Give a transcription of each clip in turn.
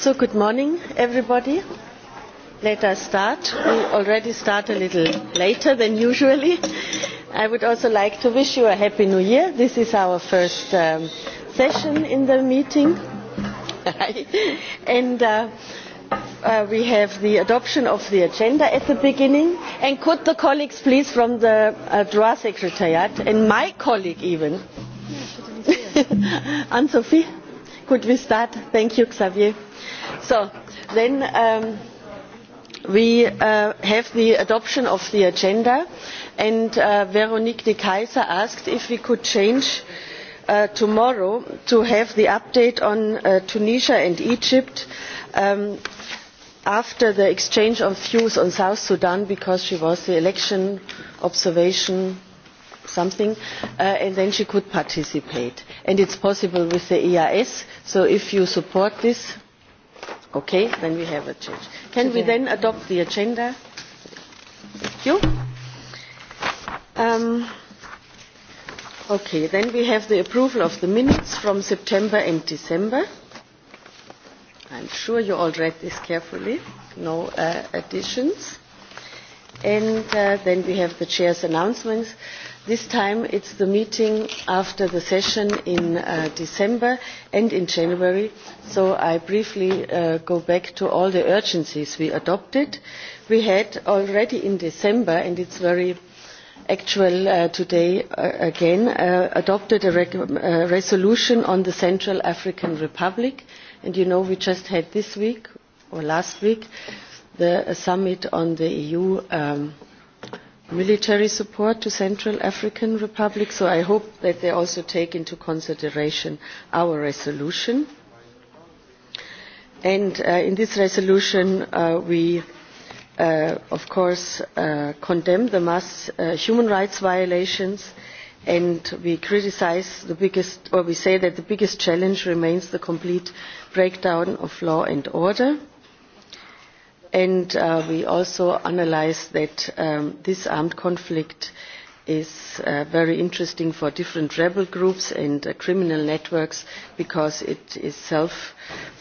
So good morning, everybody. Let us start. We already start a little later than usually. I would also like to wish you a happy new year. This is our first um, session in the meeting. and uh, uh, we have the adoption of the agenda at the beginning. And could the colleagues please from the uh, draw secretariat and my colleague even, Anne-Sophie, could we start? Thank you, Xavier. So then um, we uh, have the adoption of the agenda, and uh, Veronique de Kaiser asked if we could change uh, tomorrow to have the update on uh, Tunisia and Egypt um, after the exchange of views on South Sudan, because she was the election observation something, uh, and then she could participate. And it's possible with the EIS so if you support this okay then we have a change can we then adopt the agenda thank you um, okay then we have the approval of the minutes from september and december i'm sure you all read this carefully no uh, additions and uh, then we have the chair's announcements this time it is the meeting after the session in uh, december and in january so i briefly uh, go back to all the urgencies we adopted we had already in december and it's very actual uh, today uh, again uh, adopted a, rec- a uh, resolution on the central african republic and you know we just had this week or last week the a summit on the eu um, military support to Central African Republic, so I hope that they also take into consideration our resolution. And uh, in this resolution, uh, we uh, of course uh, condemn the mass uh, human rights violations and we criticize the biggest, or we say that the biggest challenge remains the complete breakdown of law and order and uh, we also analyze that um, this armed conflict is uh, very interesting for different rebel groups and uh, criminal networks because it is self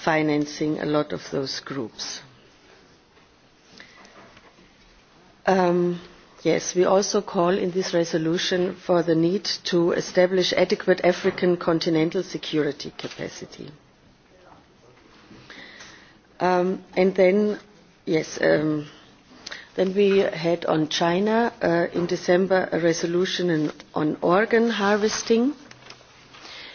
financing a lot of those groups. Um, yes, we also call in this resolution for the need to establish adequate African continental security capacity. Um, and then Um, then we had on china uh, in december a resolution on organ harvesting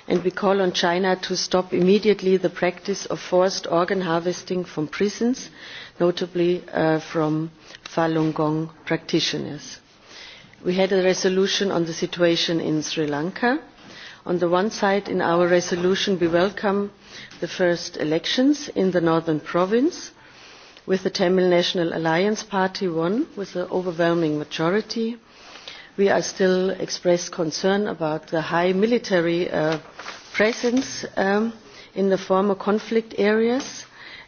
and we call on china to stop immediately the practice of forced organ harvesting from prisons notably uh, from falun gong practitioners. we had a resolution on the situation in sri lanka. on the one side in our resolution we welcome the first elections in the northern province with the Tamil National Alliance Party won with an overwhelming majority. We are still expressed concern about the high military uh, presence um, in the former conflict areas,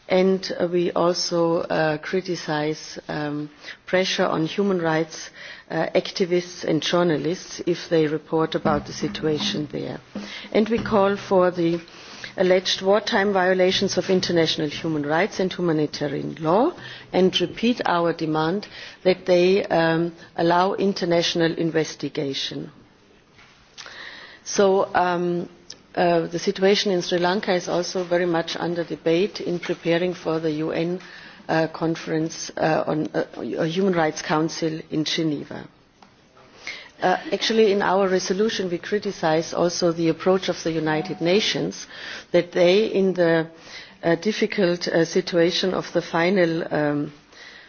and uh, we also uh, criticize um, pressure on human rights uh, activists and journalists if they report about the situation there. And we call for the uh, alleged wartime violations of international human rights and humanitarian law and repeat our demand that they um, allow an international investigation. Um, uh, the situation in sri lanka is also very much under debate in preparing for the un uh, conference uh, on the human rights council in geneva. Uh, actually in our resolution we criticise also the approach of the united nations that they in the uh, difficult uh, situation of the final um,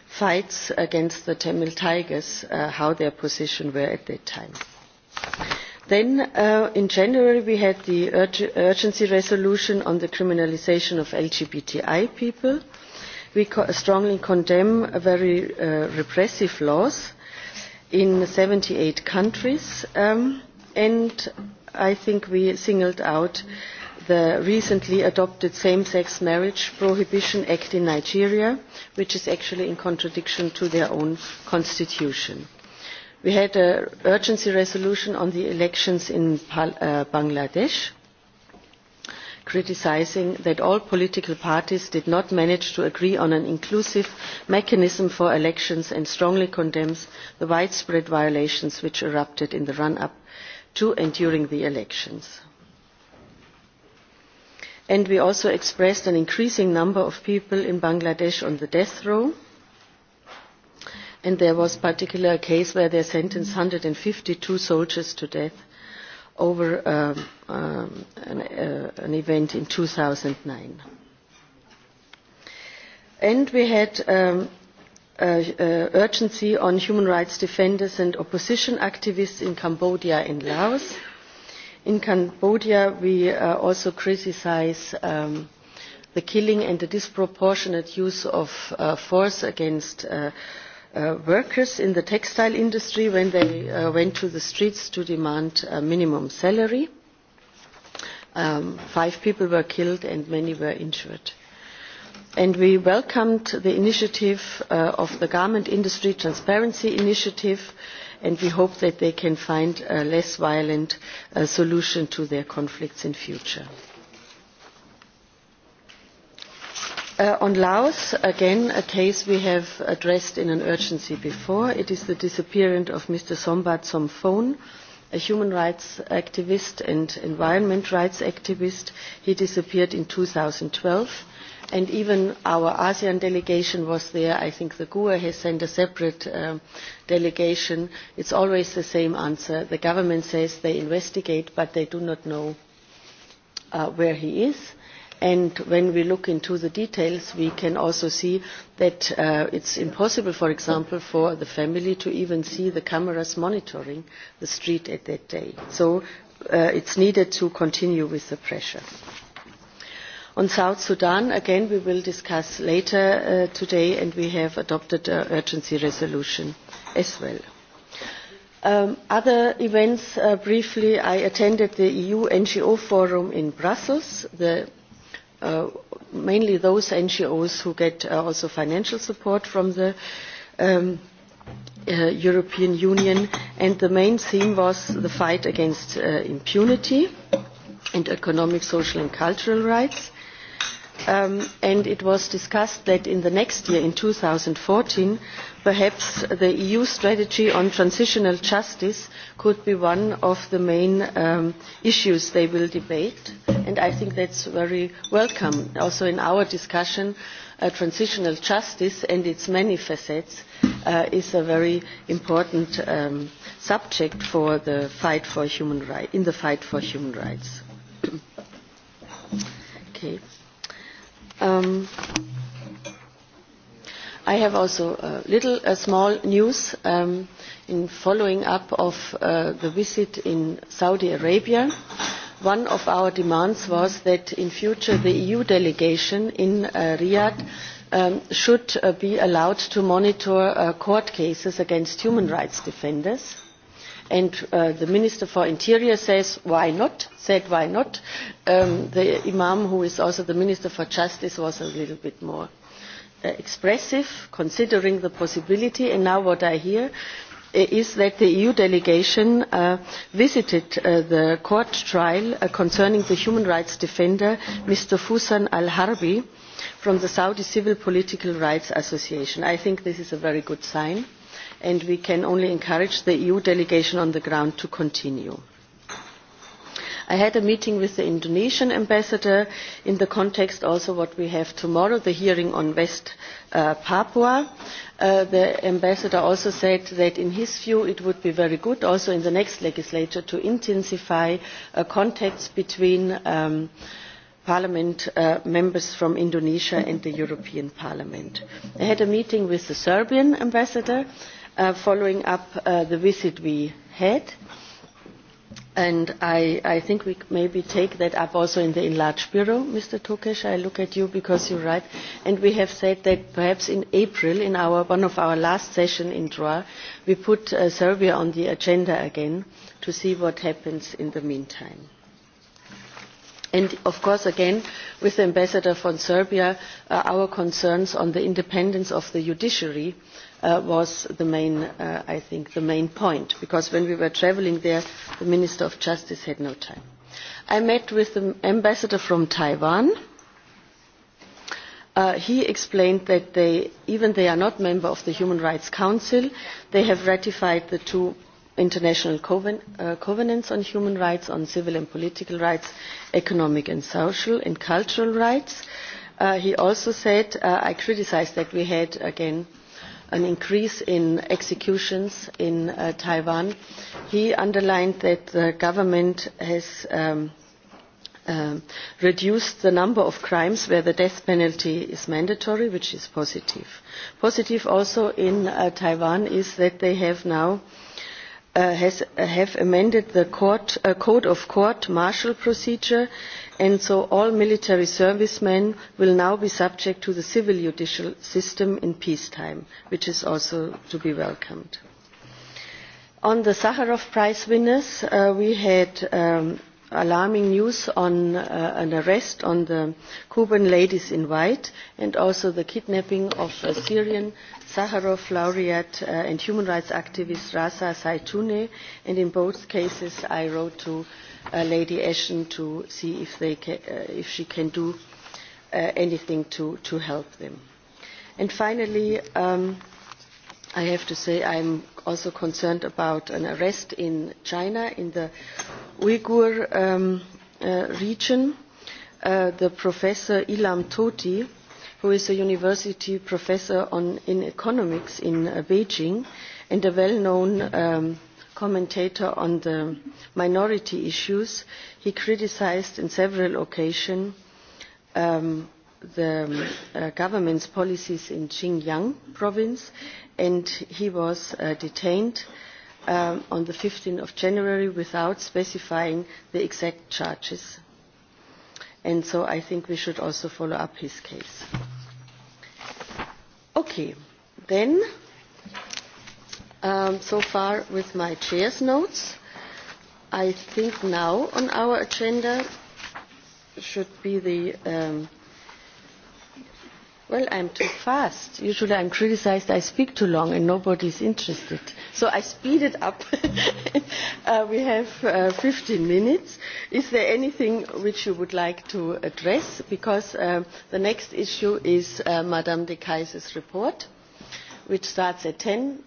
fights against the tamil tigers uh, how their position were at that time then uh, in january we had the ur urgency resolution on the criminalization of lgbti people we co strongly condemn very uh, repressive laws in seventy eight countries um, and I think we singled out the recently adopted same sex marriage prohibition act in Nigeria, which is actually in contradiction to their own constitution. We had an urgency resolution on the elections in uh, Bangladesh, criticising that all political parties did not manage to agree on an inclusive mechanism for elections and strongly condemns the widespread violations which erupted in the run up to and during the elections. And we also expressed an increasing number of people in Bangladesh on the death row. And there was a particular case where they sentenced 152 soldiers to death over um, um, an, uh, an event in 2009. And we had um, a, a urgency on human rights defenders and opposition activists in Cambodia and Laos. In Cambodia, we uh, also criticize um, the killing and the disproportionate use of uh, force against uh, Uh, workers in the textile industry when they uh, went to the streets to demand a minimum salary. Um, five people were killed and many were injured. And we welcomed the initiative uh, of the Garment Industry Transparency Initiative, and we hope that they can find a less violent uh, solution to their conflicts in future. Uh, on laos again a case we have addressed in an urgency before it is the disappearance of mr somba somphone a human rights activist and environment rights activist he disappeared in two thousand and twelve and even our asean delegation was there i think the gue has sent a separate um, delegation it is always the same answer the government says they investigate but they do not know uh, where he is and when we look into the details we can also see that uh, it's impossible for example for the family to even see the cameras monitoring the street at that day so uh, it's needed to continue with the pressure on South Sudan, again, we will discuss later uh, today, and we have adopted an urgency resolution as well. Um, other events uh, briefly, I attended the EU NGO forum in Brussels, the Uh, mainly those NGOs who get uh, also financial support from the um, uh, European Union. And the main theme was the fight against uh, impunity and economic, social and cultural rights. Um, and it was discussed that in the next year in two thousand and fourteen perhaps the eu strategy on transitional justice could be one of the main um, issues they will debate and i think that is very welcome. also in our discussion uh, transitional justice and its many facets uh, is a very important um, subject in the fight for human rights. Um, I have also a little a small news um, in following up of uh, the visit in Saudi Arabia. One of our demands was that in future the EU delegation in uh, Riyadh um, should uh, be allowed to monitor uh, court cases against human rights defenders and uh, the minister for the interior says why not said why not um, the imam who is also the minister for justice was a little bit more uh, expressive considering the possibility and now what i hear uh, is that the eu delegation uh, visited uh, the court trial uh, concerning the human rights defender mr fusan al harbi from the saudi civil political rights association i think this is a very good sign and we can only encourage the eu delegation on the ground to continue. i had a meeting with the indonesian ambassador in the context also of what we have tomorrow the hearing on west uh, papua. Uh, the ambassador also said that in his view it would be very good also in the next legislature to intensify uh, contacts between um, parliament members from indonesia and the european parliament. i had a meeting with the serbian ambassador Uh, following up uh, the visit we had and I, I think we maybe take that up also in the enlarged bureau, Mr. Tokesh. I look at you because you're right. And we have said that perhaps in April, in our, one of our last sessions in Dra, we put uh, Serbia on the agenda again to see what happens in the meantime and of course again with the ambassador from serbia uh, our concerns on the independence of the judiciary uh, were uh, the main point because when we were travelling there the minister of justice had no time. i met with the ambassador from taiwan. he explained that even though they are not members of the human rights council they have ratified the two international uh, covenants on human rights on civil and political rights economic and social and cultural rights. Uh, he also said uh, i criticise that we had again an increase in executions in taiwan. he underlined that the government has um, um, reduced the number of crimes where the death penalty is mandatory which is positive. positive also in taiwan is that they have now Uh, uh, have amended the uh, code of court martial procedure and so all military servicemen will now be subject to the civil judicial system in peacetime which is also to be welcomed. on the sakharov prize winners we had um, alarming news on uh, an arrest on the Cuban ladies in white and also the kidnapping of a Syrian Sakharov laureate uh, and human rights activist Rasa Saitune. And in both cases, I wrote to uh, Lady Ashton to see if, they ca- uh, if she can do uh, anything to, to help them. And finally, um, I have to say I'm also concerned about an arrest in China in the Uyghur um, uh, region. Uh, the professor Ilam Toti, who is a university professor on, in economics in uh, Beijing and a well-known um, commentator on the minority issues, he criticized in several occasions um, the um, uh, government's policies in Xinjiang province and he was uh, detained um, on the 15th of January without specifying the exact charges. And so I think we should also follow up his case. Okay, then, um, so far with my chair's notes, I think now on our agenda should be the um, Well, I'm too fast. Usually I'm criticized, I speak too long and nobody's interested. So I speed it up. uh, we have uh, 15 minutes. Is there anything which you would like to address? Because uh, the next issue is uh, Madame de Kaiser's report, which starts at 10.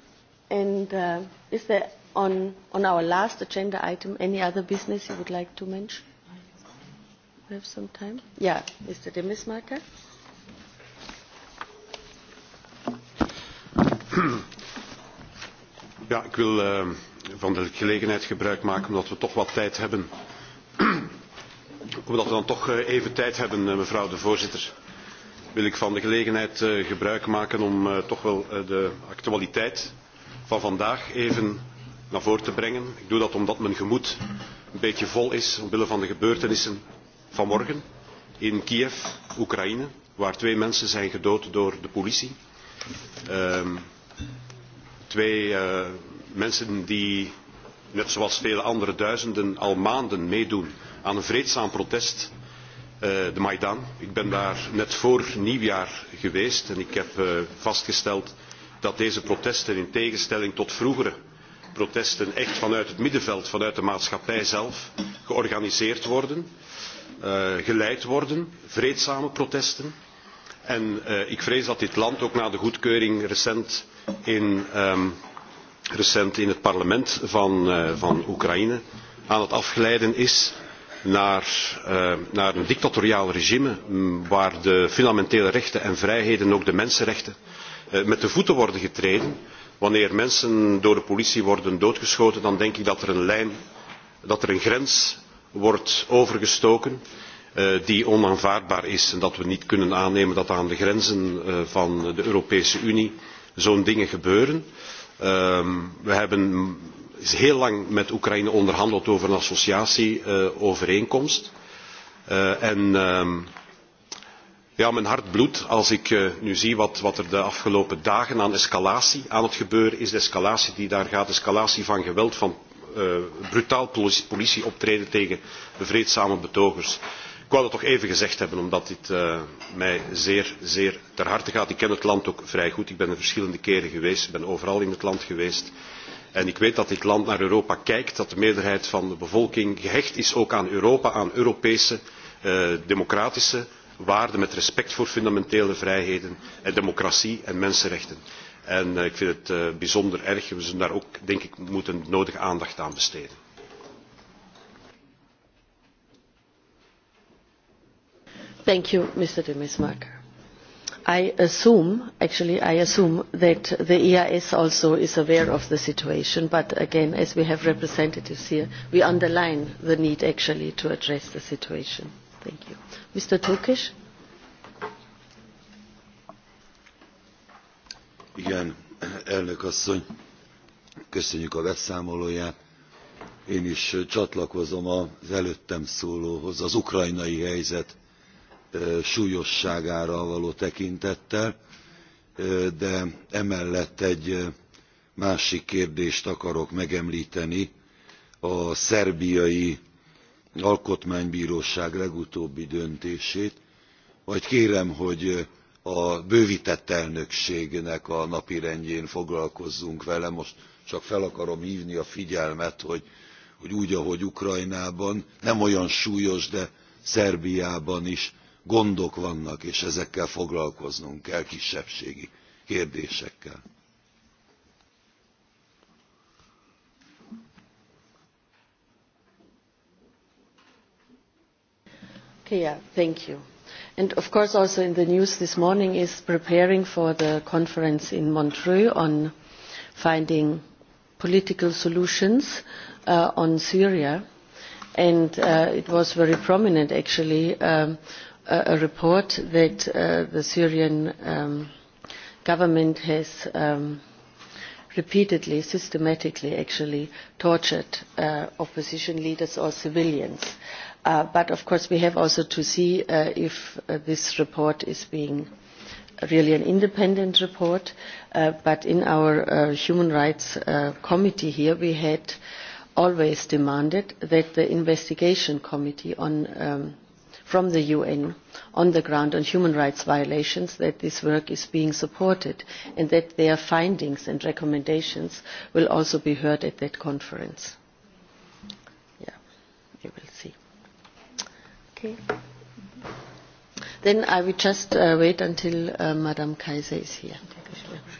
And uh, is there on, on our last agenda item any other business you would like to mention? We have some time. Yeah, Mr. Demismarker. Ja, ik wil ehm, van de gelegenheid gebruikmaken omdat we toch wat tijd hebben omdat we dan toch eh, even tijd hebben eh, mevrouw de voorzitter wil ik van de gelegenheid eh, gebruikmaken om toch wel de actualiteit van vandaag even naar voren te brengen. ik doe dat omdat mijn gemoed een beetje vol is omwille van de gebeurtenissen van morgen in kiev oekraïne waar twee mensen zijn gedood door de politie. Um, twee uh, mensen die, net zoals vele andere duizenden, al maanden meedoen aan een vreedzaam protest, uh, de Maidan. Ik ben daar net voor nieuwjaar geweest en ik heb uh, vastgesteld dat deze protesten in tegenstelling tot vroegere protesten echt vanuit het middenveld, vanuit de maatschappij zelf, georganiseerd worden, uh, geleid worden, vreedzame protesten. En uh, ik vrees dat dit land ook na de goedkeuring recent uh, in um, recent in het parlement van, uh, van Oekraïne aan het afgeleiden is naar, uh, naar een dictatoriaal regime mm, waar de fundamentele rechten en vrijheden, ook de mensenrechten, uh, met de voeten worden getreden. Wanneer mensen door de politie worden doodgeschoten, dan denk ik dat er een lijn, dat er een grens wordt overgestoken uh, die onaanvaardbaar is en dat we niet kunnen aannemen dat aan de grenzen uh, van de Europese Unie zo'n dingen gebeuren. Ehm, we hebben heel lang met oekraïne onderhandeld over een associatieovereenkomst eh, eh, en ehm, ja, mijn hart bloedt als ik eh, nu zie wat, wat er de afgelopen dagen aan escalatie aan het gebeuren is. De escalatie die daar gaat, escalatie van geweld, van uh, brutaal politieoptreden tegen de vreedzame betogers ik wou dat toch even gezegd hebben omdat dit eh, mij zeer zeer ter harte gaat. ik ken het land ook vrij goed ik ben er verschillende keren geweest ik ben overal in het land geweest en ik weet dat dit land naar europa kijkt dat de meerderheid van de bevolking gehecht is ook aan europa aan europese eh, democratische waarden met respect voor fundamentele vrijheden en democratie en mensenrechten. en eh, ik vind het bijzonder erg en we zullen daar ook denk ik moeten nodige aandacht aan besteden. thank you mr de mesmaeker i assume actually i assume that the eeas also is aware of the situation but again as we have representatives here we underline the need actually to address the situation thank you mr tokes igen elnök asszony köszönjük a beszámolóját én is csatlakozom az előttem szólóhoz az ukrajnai helyzet súlyosságára való tekintettel de emellett egy másik kérdést akarok megemlteni a szerbiai alkotmánybróság legutóbbi döntését majd kérem hogy a bővitett elnökségnek a napirendjén foglalkozzunk vele most csak fel akarom hívni a figyelmet hogy, hogy úgy ahogy ukrajnában nem olyan súlyos de szerbiában is gondok vannak, és ezekkel foglalkoznunk kell kisebbségi kérdésekkel. Yeah, thank you. And of course, also in the news this morning is preparing for the conference in Montreux on finding political solutions uh, on Syria. And uh, it was very prominent, actually, uh, a report that uh, the Syrian um, government has um, repeatedly, systematically actually tortured uh, opposition leaders or civilians. Uh, but of course we have also to see uh, if uh, this report is being really an independent report. Uh, but in our uh, human rights uh, committee here we had always demanded that the investigation committee on um, from the un on the ground on human rights violations that this work is being supported and that their findings and recommendations will also be heard at that conference. Yeah, you will see. Okay. Then I will just uh, wait until uh, Madame Kaiser is here. Take a short break.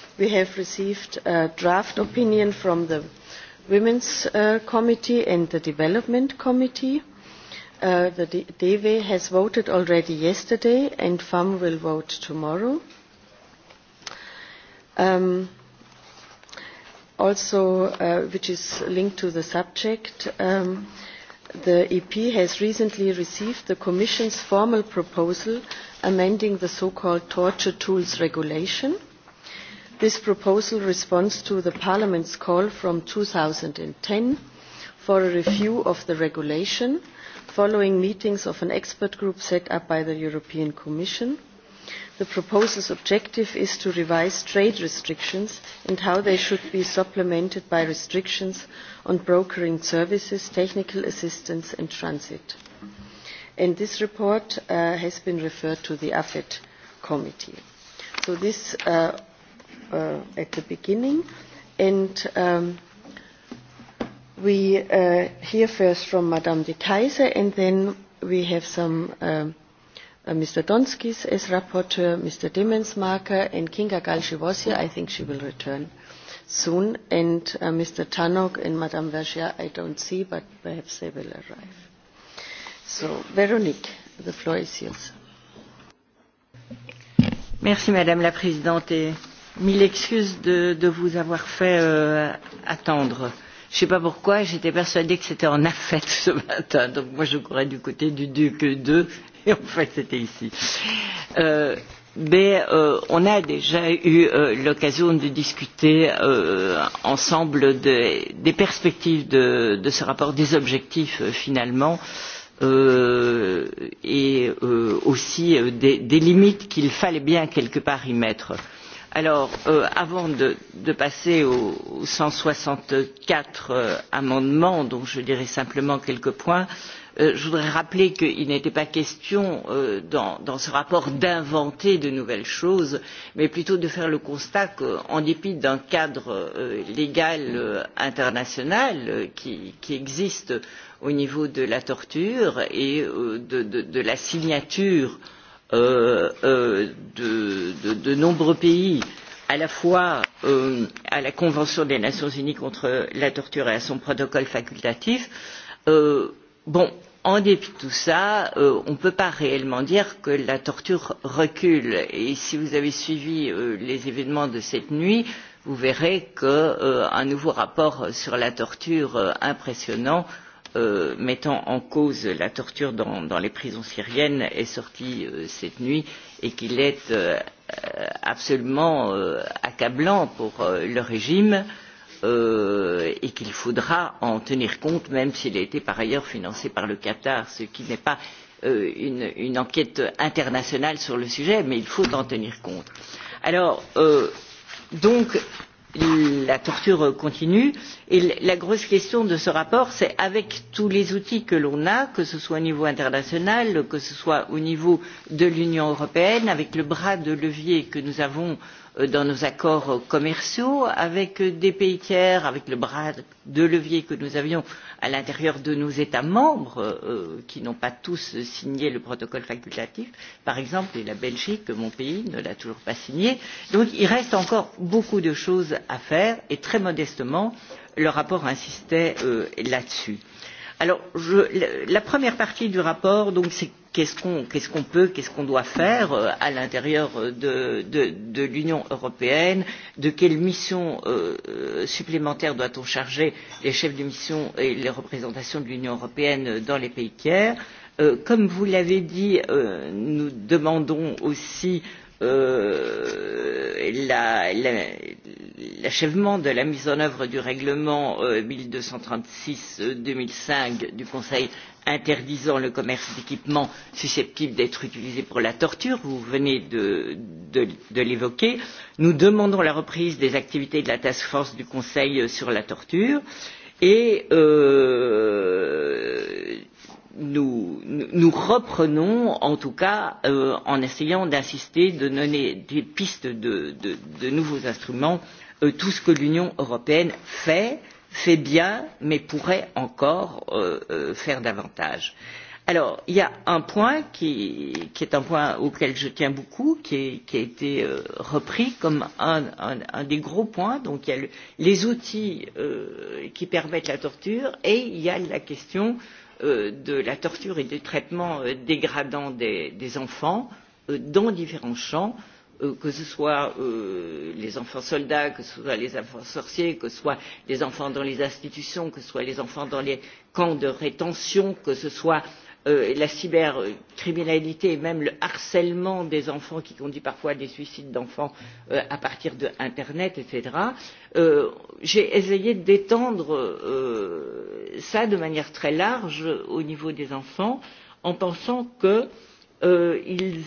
we have received a draft opinion from the women's uh, committee and the development committee. Uh, the dev has voted already yesterday and fam will vote tomorrow. Um, also, uh, which is linked to the subject, um, the EP has recently received the Commission's formal proposal amending the so-called torture tools regulation this proposal responds to parliament's call from two thousand and ten for a review of the regulation following meetings of an expert group set up by the european commission. the proposal's objective is to revise trade restrictions and how they should be supplemented by restrictions on brokering services technical assistance and transit. this report uh, has been referred to the committee on foreign affairs uh, at the beginning. And um, we uh, hear first from Madame de Kaiser, and then we have some um, uh, Mr. Donskis as rapporteur, Mr. Demensmarker, and Kinga Galshi was here. I think she will return soon. And uh, Mr. Tanok and Madame Vergier, I don't see, but perhaps they will arrive. So, Veronique, the floor is yours. Merci, Madame la Présidente. Et mille excuses de, de vous avoir fait euh, attendre. Je ne sais pas pourquoi, j'étais persuadée que c'était en affaire ce matin, donc moi je courais du côté du duc 2, et en fait c'était ici. Euh, mais euh, on a déjà eu euh, l'occasion de discuter euh, ensemble de, des perspectives de, de ce rapport, des objectifs euh, finalement, euh, et euh, aussi euh, des, des limites qu'il fallait bien quelque part y mettre. Euh, Euh, avant de passer aux cent soixante quatre euh, amendements dont je dirai simplement quelques points euh, je voudrais rappeler qu'il n'était pas question dans ce rapport d'inventer de nouvelles choses mais plutôt de faire le constat qu'en dépit d'un cadre légal international qui existe au niveau de la torture et de la signature Euh, euh, de nombreux pays à la fois euh, à la convention des nations unies contre la torture et à son protocole facultatif en dépit de tout cela on ne peut pas réellement dire que la torture recule et si vous avez suivi les événements de cette nuit vous verrez qu'un nouveau rapport sur la torture impressionnant Euh, mettant en cause la torture dans, dans les prisons syriennes est sorti euh, cette nuit et qu'il est euh, absolument euh, accablant pour euh, le régime euh, et qu'il faudra en tenir compte même s'il a été par ailleurs financé par le Qatar, ce qui n'est pas euh, une, une enquête internationale sur le sujet, mais il faut en tenir compte. Alors, euh, donc, la torture continue et la grosse question de ce rapport c'est avec tous les outils que l'on a que ce soit au niveau international que ce soit au niveau de l'union européenne avec le bras de levier que nous avons Euh, dans nos accords commerciaux avec euh, des pays tiers avec le bras de levier que nous avions à l'intérieur de nos états membres euh, qui n'ont pas tous signé le protocole facultatif par exemple et la belgique mon pays ne l'a toujours pas signé. donc il reste encore beaucoup de choses à faire et très modestement le rapport insistait là dessus la première partie du rapport c'est qu'est ce qu'on peut qu'est ce qu'on doit faire euh, à l'intérieur euh, de l'union européenne de quelles missions euh, supplémentaires doit on charger les chefs de mission et les représentations de l'union européenne dans les pays tiers? comme vous l'avez dit nous demandons aussi Euh, l'achèvement de la mise en œuvre du règlement n euh, o mille deux cent trente six euh, deux mille cinq du conseil interdisant le commerce d'équipements susceptibles d'être utilisés pour la torture vous venez de l'évoquer nous demandons la reprise des activités de la task force du conseil sur la torture et nous reprenons en tout cas euh, en essayant d'insister de donner des pistes de, de, de nouveaux instruments euh, tout ce que l'union européenne fait fait bien mais pourrait encore euh, euh, faire davantage. alors il y a un point qui, qui est un point auquel je tiens beaucoup qui, est, qui a été euh, repris comme un, un, un des gros points donc il y a le, les outils euh, qui permettent la torture et il y a la question euh, Euh, de la torture et des traitements euh, dégradants des enfants euh, dans différents champs que ce soit les enfants soldats que ce soit les enfants sorciers que ce soit les enfants dans les institutions que ce soit les enfants dans les camps de rétention que ce soit Euh, la cybercriminalité et même le harcèlement des enfants qui conduit parfois à des suicides d'enfants euh, à partir de l'internet etc. Euh, j'ai essayé d'étendre cela de manière très large au niveau des enfants en pensant qu'ils euh,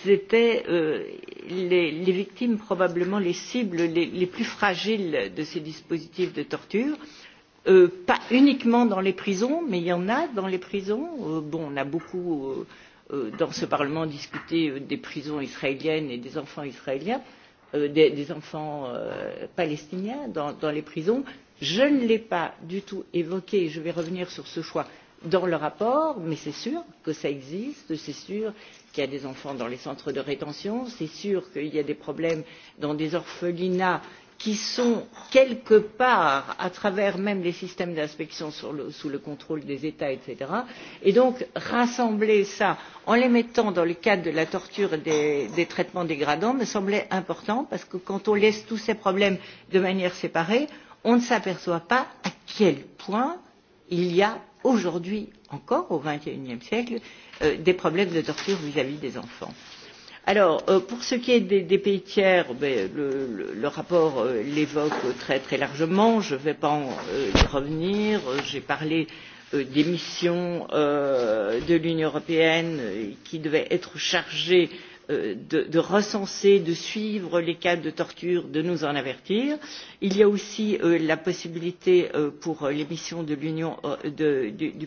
étaient euh, les, les victimes probablement les cibles les, les plus fragiles de ces dispositifs de torture. euh, Euh, pas uniquement dans les prisons, mais il y en a dans les prisons. Euh, bon, on a beaucoup euh, euh dans ce Parlement discuté euh, des prisons israéliennes et des enfants israéliens, euh, des, des enfants euh, palestiniens dans, dans les prisons. Je ne l'ai pas du tout évoqué, je vais revenir sur ce choix dans le rapport, mais c'est sûr que ça existe, c'est sûr qu'il y a des enfants dans les centres de rétention, c'est sûr qu'il y a des problèmes dans des orphelinats qui sont quelque part à travers même les systèmes d'inspection sous le contrôle des états etc. et donc rassembler cela en les mettant dans le cadre de la torture et des, des traitements dégradants me semblait important parce que quand on laisse tous ces problèmes de manière séparée on ne s'aperçoit pas à quel point il y a aujourd'hui encore au XXIe siècle euh, des problèmes de torture vis-à-vis -vis des enfants. Euh, pour ce qui est des pays tiers le rapport euh, l'évoque très largement je ne vais pas euh, y revenir j'ai parlé des missions de l'union européenne qui devaient être chargées Euh, de recenser de suivre les cas de torture de nous en avertir. il y a aussi euh, la possibilité euh, pour les missions du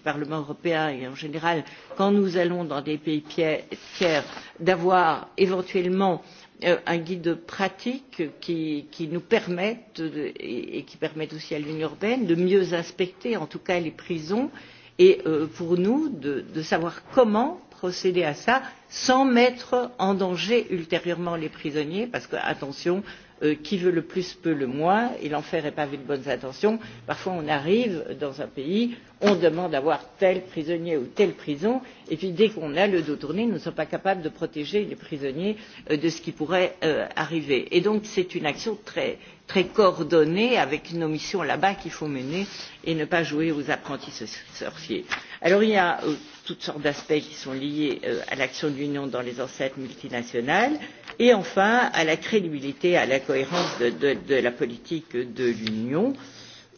parlement européen et en général quand nous allons dans des pays tiers d'avoir éventuellement un guide pratique qui nous permette et qui permette aussi à l'union européenne de mieux inspecter en tout cas les prisons et pour nous de savoir comment procéder à cela sans mettre en danger ultérieurement les prisonniers parce que attention euh, qui veut le plus peut le moins et l'enfer est pavé de bonnes intentions parfois on arrive dans un pays on demande à voir tel prisonnier ou telle prison et puis dès qu'on a le dos tourné nous ne sommes pas capables de protéger les prisonniers euh, de ce qui pourrait euh, arriver et donc c'est une action très très coordonnée avec nos missions là-bas qu'il faut mener et ne pas jouer aux apprentis sorciers alors il y a euh, toutes sortes d'aspects qui sont liés euh, à l'action de l'union dans les enceintes multinationales et enfin à la crédibilité et à la cohérence de, de, de la politique de l'union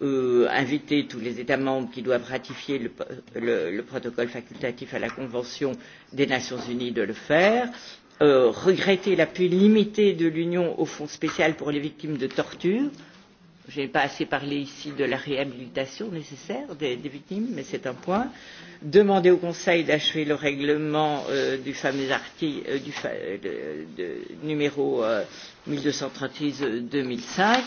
euh, inviter tous les états membres qui doivent ratifier le, le, le protocole facultatif à la convention des nations unies de le faire euh, regretter l'appui limité de l'union au fonds spécial pour les victimes de tortures je n'ai pas assez parlé ici de la réhabilitation nécessaire des victimes mais c'est un point demander au conseil d'achever le règlement euh, du fameux article euh, n euh, mille deux cent trente six deux mille cinq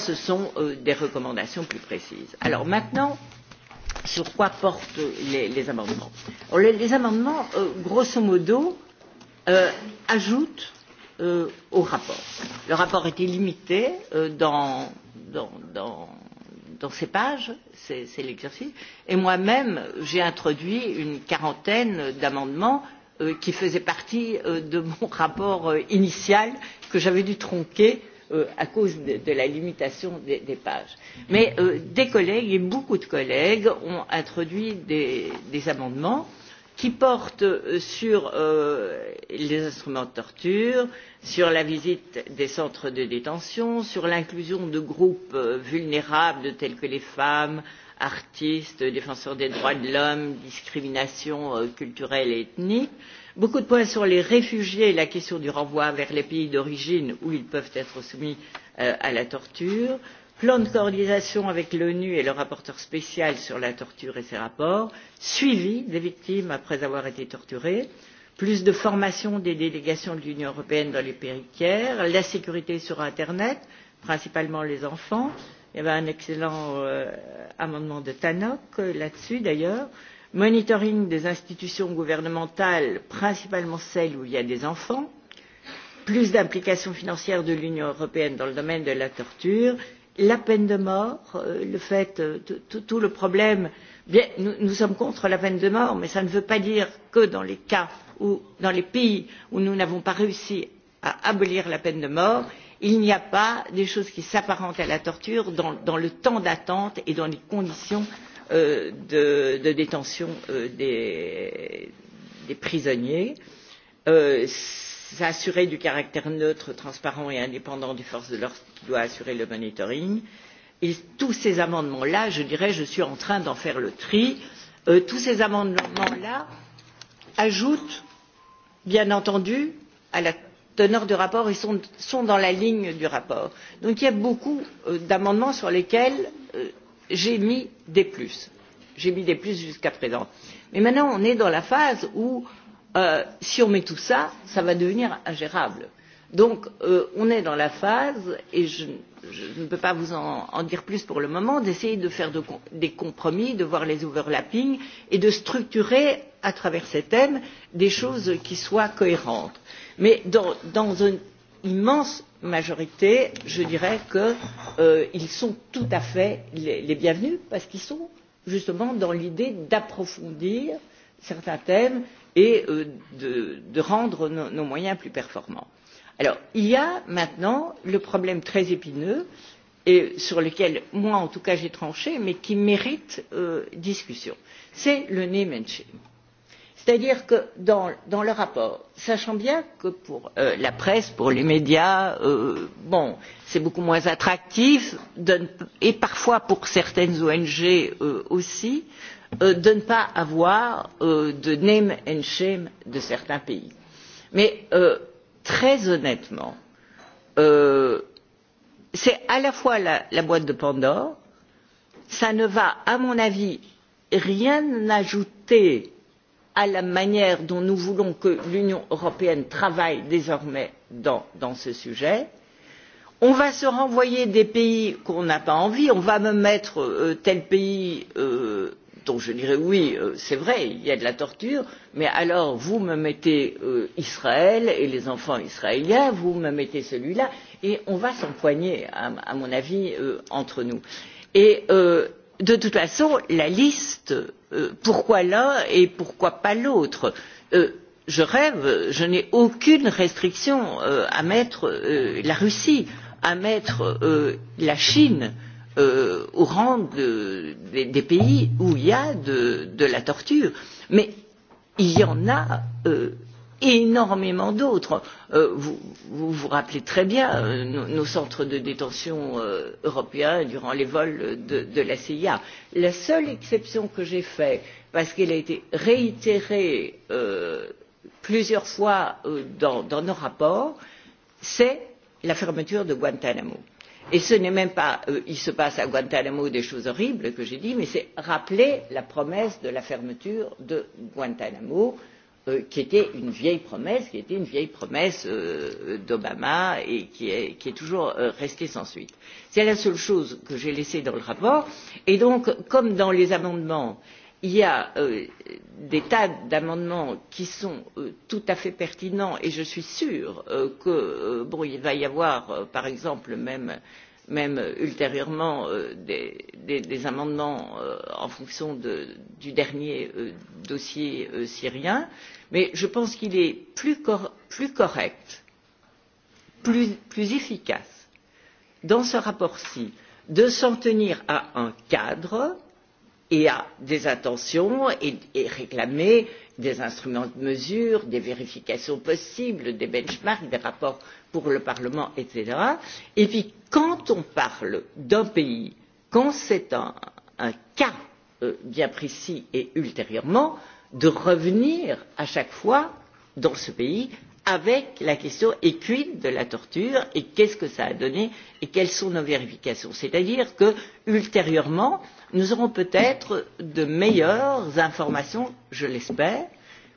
ce sont des recommandations plus précises. alors maintenant sur quoi portent les, les amendements? Les, les amendements grosso modo ajoutent au rapport. le rapport était limité dans dans ces pages c'est l'exercice et moi même j'ai introduit une quarantaine d'amendements euh, qui faisaient partie euh, de mon rapport euh, initial que j'avais dû tronquer à cause de la limitation des pages. Mais des collègues et beaucoup de collègues ont introduit des amendements qui portent euh, sur euh, les instruments de torture sur la visite des centres de détention sur l'inclusion de groupes euh, vulnérables tels que les femmes artistes défenseurs des droits de l'homme discrimination culturelle et ethnique beaucoup de points sur les réfugiés et la question du renvoi vers les pays d'origine où ils peuvent être soumis à la torture plan de coordination avec l'onu et le rapporteur spécial sur la torture et ses rapports suivi des victimes après avoir été torturées plus de formation des délégations de l'union européenne dans les pays tiers la sécurité sur internet principalement les enfants il y avait un excellent euh, amendement de Tannock euh, là-dessus d'ailleurs. Monitoring des institutions gouvernementales, principalement celles où il y a des enfants. Plus d'implication financière de l'Union européenne dans le domaine de la torture la peine de mort euh, le fait euh, tout le problème nous sommes contre la peine de mort mais cela ne veut pas dire que dans les cas ou dans les pays où nous n'avons pas réussi à abolir la peine de mort il n'y a pas des choses qui s'apparentent à la torture dans le temps d'attente et dans les conditions euh, de détention des prisonniers s'assurer du caractère neutre transparent et indépendant des forces de l'ordre qui doit assurer le monitoring et tous ces amendements là je dirais je suis en train d'en faire le tri euh, tous ces amendements là ajoutent bien entendu à la teneur de rapport et sont, sont dans la ligne du rapport. Donc il y a beaucoup euh, d'amendements sur lesquels euh, j'ai mis des plus. J'ai mis des plus jusqu'à présent. Mais maintenant on est dans la phase où euh, Euh, si on met tout ça, ça va devenir ingérable. Donc, euh, on est dans la phase, et je, je ne peux pas vous en, en dire plus pour le moment, d'essayer de faire de, des compromis, de voir les overlappings et de structurer à travers ces thèmes des choses qui soient cohérentes. Mais dans, dans une immense majorité, je dirais qu'ils euh, sont tout à fait les, les bienvenus parce qu'ils sont justement dans l'idée d'approfondir certains thèmes et euh, de rendre nos moyens plus performants. alors il y a maintenant le problème très épineux sur lequel moi en tout cas j'ai tranché mais qui mérite euh, discussion c'est le name and shame c'est à dire que dans le rapport sachant bien que pour euh, la presse pour les médias c'est beaucoup moins attractif et parfois pour certaines ong aussi Euh, de ne pas avoir euh, de name and shame de certains pays. mais euh, très honnêtement c'est à la fois la boîte de pandore ça ne va à mon avis rien ajouter à la manière dont nous voulons que l'union européenne travaille désormais dans, dans ce sujet. On va se renvoyer des pays qu'on n'a pas envie, on va me mettre euh, tel pays euh, dont je dirais oui euh, c'est vrai il y a de la torture mais alors vous me mettez euh, israël et les enfants israéliens vous me mettez celui là et on va s'empoigner à mon avis euh, entre nous. de toute façon la liste pourquoi l'un et pourquoi pas l'autre? je rêve je n'ai aucune restriction à mettre la russie à mettre la chine euh, au rang de, des, des pays où il y a de, de la torture. Mais il y en a euh, énormément d'autres. Euh, vous, vous vous rappelez très bien euh, nos, nos centres de détention euh, européens durant les vols de, de la CIA. La seule exception que j'ai faite, parce qu'elle a été réitérée euh, plusieurs fois euh, dans, dans nos rapports, c'est la fermeture de Guantanamo. Euh, et ce n'est même pas euh, il se passe à guantnamo des choses horribles que j'ai dit mais c'est rappeler la promesse de la fermeture de guantnamo euh, qui était une vieille promesse qui était une vieille promesse euh, d'obama et qui est, qui est toujours restée sans suite. c'est la seule chose que j'ai laissée dans le rapport et donc comme dans les amendements il y a euh, des tas d'amendements qui sont euh, tout à fait pertinents et je suis sûre euh, qu'il va y avoir par exemple même ultérieurement des amendements en fonction du dernier dossier syrien mais je pense qu'il est plus correct plus efficace dans ce rapport ci de s'en tenir à un cadre et à des intentions et réclamer des instruments de mesure des vérifications possibles des benchmarks des rapports pour le parlement etc. et puis quand on parle d'un pays quand c'est un, un cas euh, bien précis et ultérieurement de revenir à chaque fois dans ce pays avec la question équine de la torture et qu'est ce que ça a donné et quelles sont nos vérifications c'est à dire que ultérieurement nous aurons peut être de meilleures informations je l'espère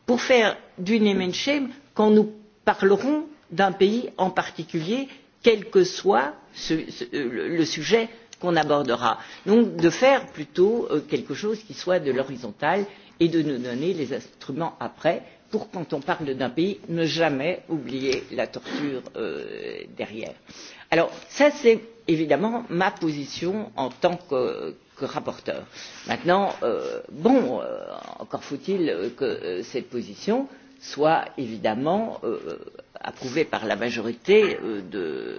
pour faire du name and shame quand nous parlerons d'un pays en particulier quel que soit le sujet qu'on abordera donc de faire plutôt euh, quelque chose qui soit de l'horizontale et de nous donner les instruments après pour quand on parle d'un pays ne jamais oublier la torture euh, derrière. alors ça c'est évidemment ma position en tant que que rapporteur. maintenant euh, euh, encore faut il euh, que cette position soit évidemment approuvée par la majorité du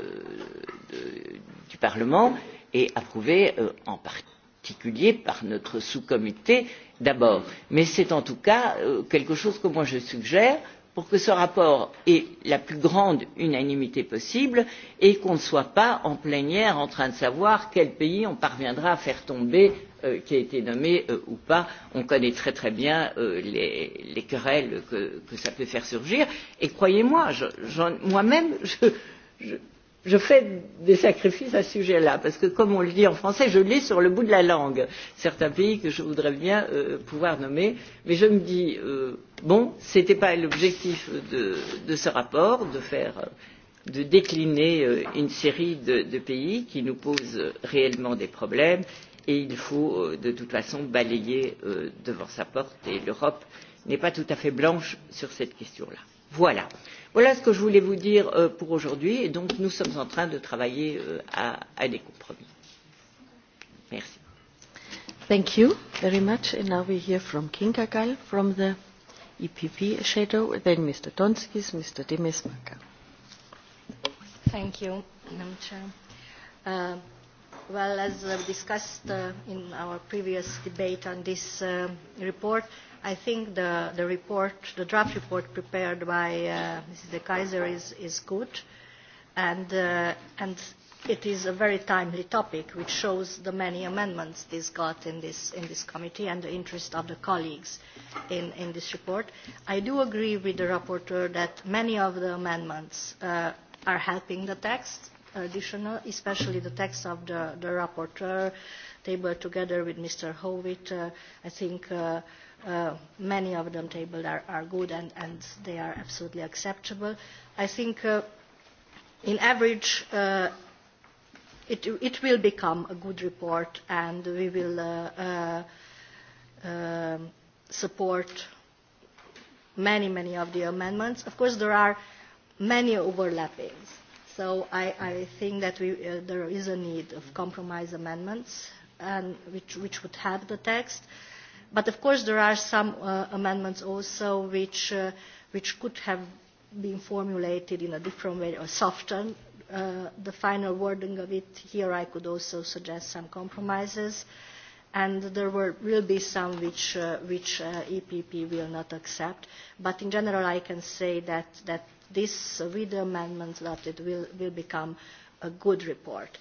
parlement et approuvée en particulier par notre sous comité d'abord mais c'est en tout cas quelque chose que je suggère pour que ce rapport ait la plus grande unanimité possible et qu'on ne soit pas en plénière en train de savoir quel pays on parviendra à faire tomber euh, qui a été nommé euh, ou pas on connaît très très bien euh, les, les querelles que, que ça peut faire surgir et croyez moi moi même je, je, je fais des sacrifices à ce sujet-là, parce que comme on le dit en français, je lis sur le bout de la langue certains pays que je voudrais bien euh, pouvoir nommer, mais je me dis, euh, bon, ce n'était pas l'objectif de, de ce rapport, de faire, de décliner euh, une série de, de pays qui nous posent réellement des problèmes, et il faut euh, de toute façon balayer euh, devant sa porte, et l'Europe n'est pas tout à fait blanche sur cette question-là voilà ce que je voulais vous dire euh, pour aujourd'hui et donc nous sommes en train de travailler euh, à des compromis. merci. thank you. Uh, well, as uh, discussed uh, in our previous debate on this uh, report, I think the, the report, the draft report prepared by uh, Mrs. De Kaiser is, is good, and, uh, and it is a very timely topic, which shows the many amendments this got in this, in this committee and the interest of the colleagues in, in this report. I do agree with the rapporteur that many of the amendments uh, are helping the text, additional, especially the text of the, the rapporteur, tabled together with Mr. Howitt. Uh, I think... Uh, uh, many of them tabled are, are good and, and they are absolutely acceptable. I think uh, in average uh, it, it will become a good report and we will uh, uh, uh, support many, many of the amendments. Of course, there are many overlappings. So I, I think that we, uh, there is a need of compromise amendments and which, which would help the text. Uh, But of course, there are some uh, amendments also which, uh, which could have been formulated in a different way or softened. Uh, the final wording of it here, I could also suggest some compromises. And there were, will be some which, uh, which uh, EPP will not accept. But in general, I can say that, that this uh, with the amendments adopted will, will become a good report.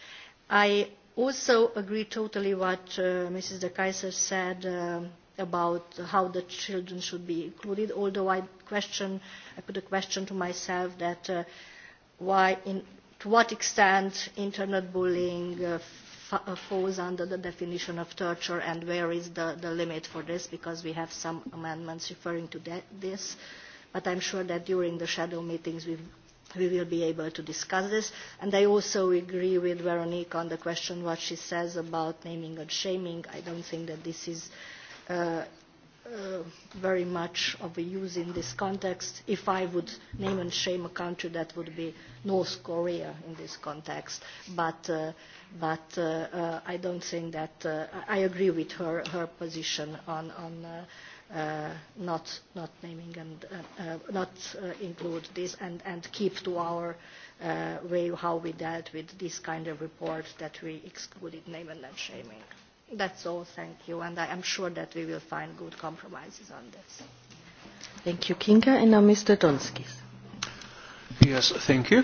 I also agree totally what uh, Mrs. De Kaiser said. Uh, about how the children should be included, although I, question, I put a question to myself that uh, why in, to what extent internet bullying uh, f uh, falls under the definition of torture and where is the, the limit for this, because we have some amendments referring to that, this. But I'm sure that during the shadow meetings we've we will be able to discuss this. And I also agree with Veronique on the question what she says about naming and shaming. I don't think that this is uh, Uh, uh, very much of a use in this context. If I would name and shame a country, that would be North Korea in this context. But, uh, but uh, uh, I don't think that uh, I agree with her, her position on, on uh, uh, not, not naming and uh, uh, not uh, include this and, and keep to our uh, way how we dealt with this kind of report that we excluded name and then shaming. That's all. Thank you. And I am sure that we will find good compromises on this. Thank you, Kinga. And now Mr. Donskis. Yes, thank you.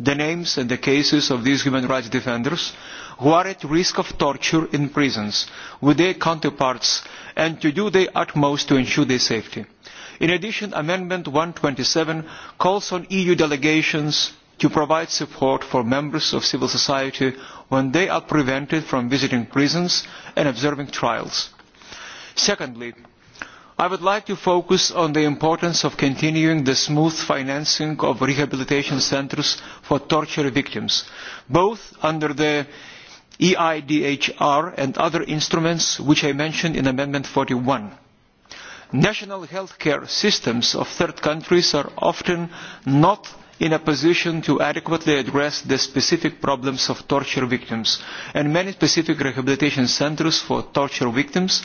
the names and the cases of these human rights defenders who are at risk of torture in prisons with their counterparts and to do their utmost to ensure their safety. In addition, Amendment 127 calls on EU delegations to provide support for members of civil society when they are prevented from visiting prisons and observing trials. Secondly, i would like to focus on the importance of continuing the smooth financing of rehabilitation centres for torture victims both under the eidhr and other instruments which i mentioned in amendment forty one national health care systems of third countries are often not in a position to adequately address the specific problems of torture victims and many specific rehabilitation centres for torture victims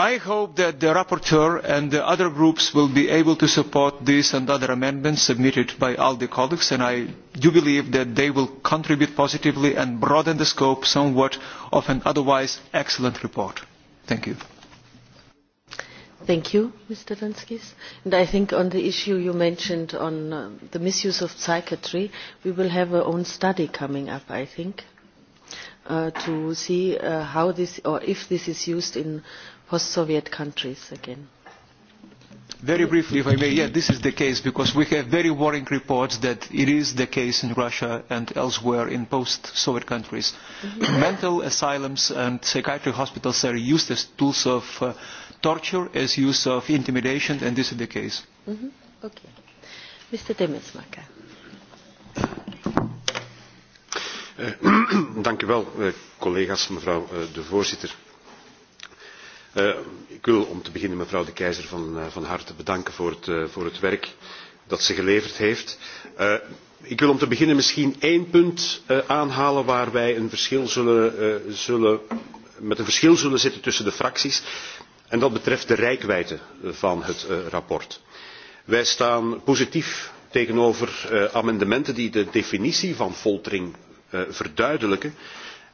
I hope that the rapporteur and the other groups will be able to support these and other amendments submitted by ALDE colleagues, and I do believe that they will contribute positively and broaden the scope somewhat of an otherwise excellent report. Thank you. Thank you, Mr. Danskis. And I think on the issue you mentioned on uh, the misuse of psychiatry, we will have our own study coming up, I think, uh, to see uh, how this or if this is used in post-Soviet countries again. Very briefly, if I may, yeah, this is the case because we have very worrying reports that it is the case in Russia and elsewhere in post-Soviet countries. Mm-hmm. Mental asylums and psychiatric hospitals are used as tools of uh, torture, as use of intimidation, and this is the case. Mm-hmm. Okay. Mr. Demetsmaker. Eh, dank u wel, eh, collega's, mevrouw eh, de voorzitter. Eh, ik wil om te beginnen mevrouw de keizer van eh, van harte bedanken voor het eh, voor het werk dat ze geleverd heeft. ik wil om te beginnen misschien één punt aanhalen waar wij een verschil zullen zullen met een verschil zullen zitten tussen de fracties en dat betreft de reikwijdte van het rapport. wij staan positief tegenover amendementen die de definitie van foltering verduidelijken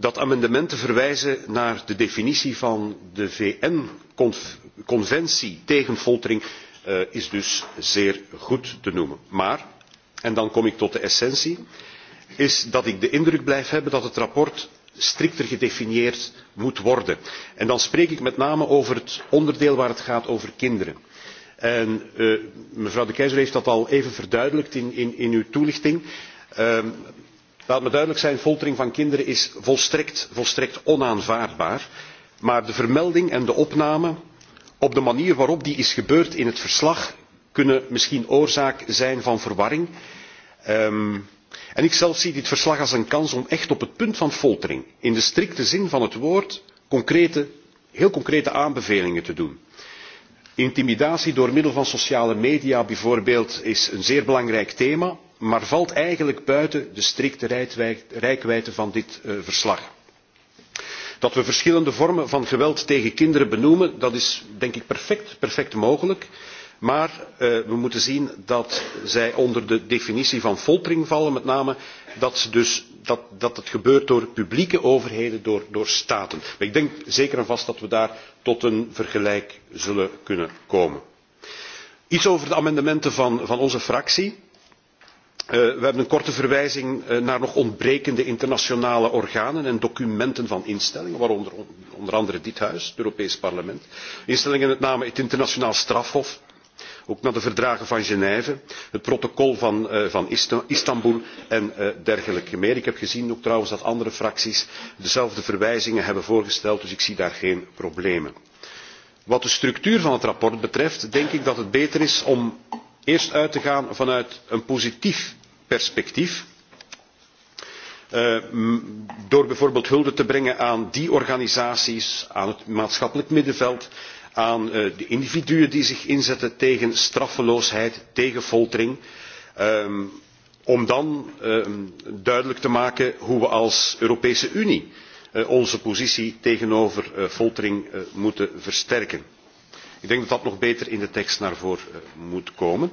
dat amendement te verwijzen naar de definitie van de vn conventie tegen foltering eh, is dus zeer goed te noemen. maar en dan kom ik tot de essentie is dat ik de indruk blijf hebben dat het verslag strikter gedefinieerd moet worden en dan spreek ik met name over het onderdeel waar het gaat over kinderen. Eh, mevrouw de keyser heeft dat al even verduidelijkt in uw toelichting. Ehm, laat me duidelijk zijn foltering van kinderen is volstrekt onaanvaardbaar maar de vermelding en de opname op de manier waarop die is gebeurd in het verslag kunnen misschien oorzaak zijn van verwarring. Ehm, ikzelf zie dit verslag als een kans om echt op het punt van foltering in de strikte zin van het woord concrete heel concrete aanbevelingen te doen. intimidatie door middel van sociale media bijvoorbeeld is een zeer belangrijk thema maar valt eigenlijk buiten de strikte reikwijdte van dit eh, verslag. dat we verschillende vormen van geweld tegen kinderen benoemen is denk ik perfect mogelijk maar eh, we moeten zien dat zij onder de definitie van foltering vallen met name dat het gebeurt door publieke overheden door staten. ik denk zeker en vast dat we daar tot een vergelijk zullen kunnen komen. iets over de amendementen van onze fractie. Eh, we hebben een korte verwijzing eh, naar nog ontbrekende internationale organen en documenten van instellingen waaronder onder andere dit huis het europees parlement instellingen met name het internationaal strafhof ook naar de verdragen van genève het protocol van eh, istanboel en dergelijke meer. ik heb gezien ook trouwens dat andere fracties dezelfde verwijzingen hebben voorgesteld dus ik zie daar geen problemen. wat de structuur van het verslag betreft denk ik dat het beter is om eerst uit te gaan vanuit een positief perspectief eh, door bijvoorbeeld hulde te brengen aan die organisaties aan het maatschappelijk middenveld aan eh, de individuen die zich inzetten tegen straffeloosheid tegen foltering ehm, om dan ehm, duidelijk te maken hoe we als europese unie eh, onze positie tegenover foltering moeten versterken. ik denk dat dat nog beter in de tekst naar voren moet komen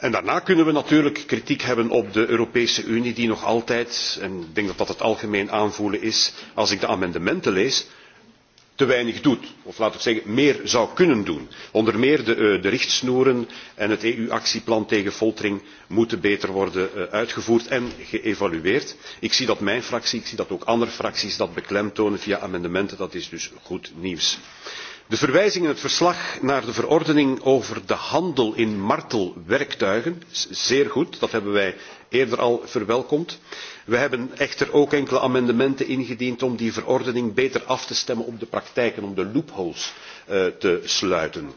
daarna kunnen we natuurlijk kritiek hebben op de europese unie die nog altijd en ik denk dat dat het algemeen aanvoelen is als ik de amendementen lees te weinig doet of laat ik zeggen meer zou kunnen doen. onder meer de eh, richtsnoeren en het eu actieplan tegen foltering moeten beter worden eh, uitgevoerd en geëvalueerd. ik zie dat mijn fractie en ook andere fracties dat beklemtonen via amendementen dat is dus goed nieuws de verwijzing in het verslag naar de verordening over de handel in martelwerktuigen is zeer goed dat hebben wij eerder al verwelkomd. wij hebben echter ook enkele amendementen ingediend om die verordening beter af te stemmen op de praktijk en om de loopholes eh, te sluiten.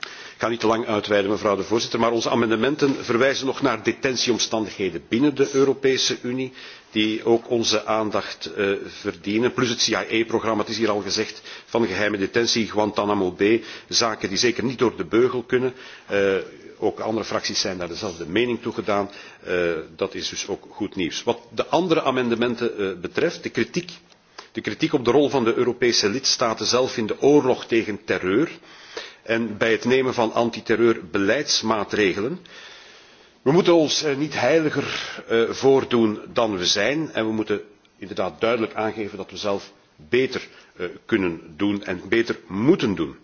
ik ga niet te lang uitweiden mevrouw de voorzitter maar onze amendementen verwijzen nog naar detentieomstandigheden binnen de europese unie die ook onze aandacht eh, verdienen plus het cia programma het is hier al gezegd van geheime detentie guantnamo bay zaken die zeker niet door de beugel kunnen. Eh, ook andere fracties zijn daar dezelfde mening toe toegedaan. Eh, dat is dus ook goed nieuws. wat de andere amendementen betreft de kritiek de kritiek op de rol van de Europese lidstaten zelf in de oorlog tegen terreur en bij het nemen van antiterreurbeleidsmaatregelen we moeten ons eh, niet heiliger eh, voordoen dan we zijn en we moeten inderdaad duidelijk aangeven dat we zelf beter eh, kunnen doen en beter moeten doen.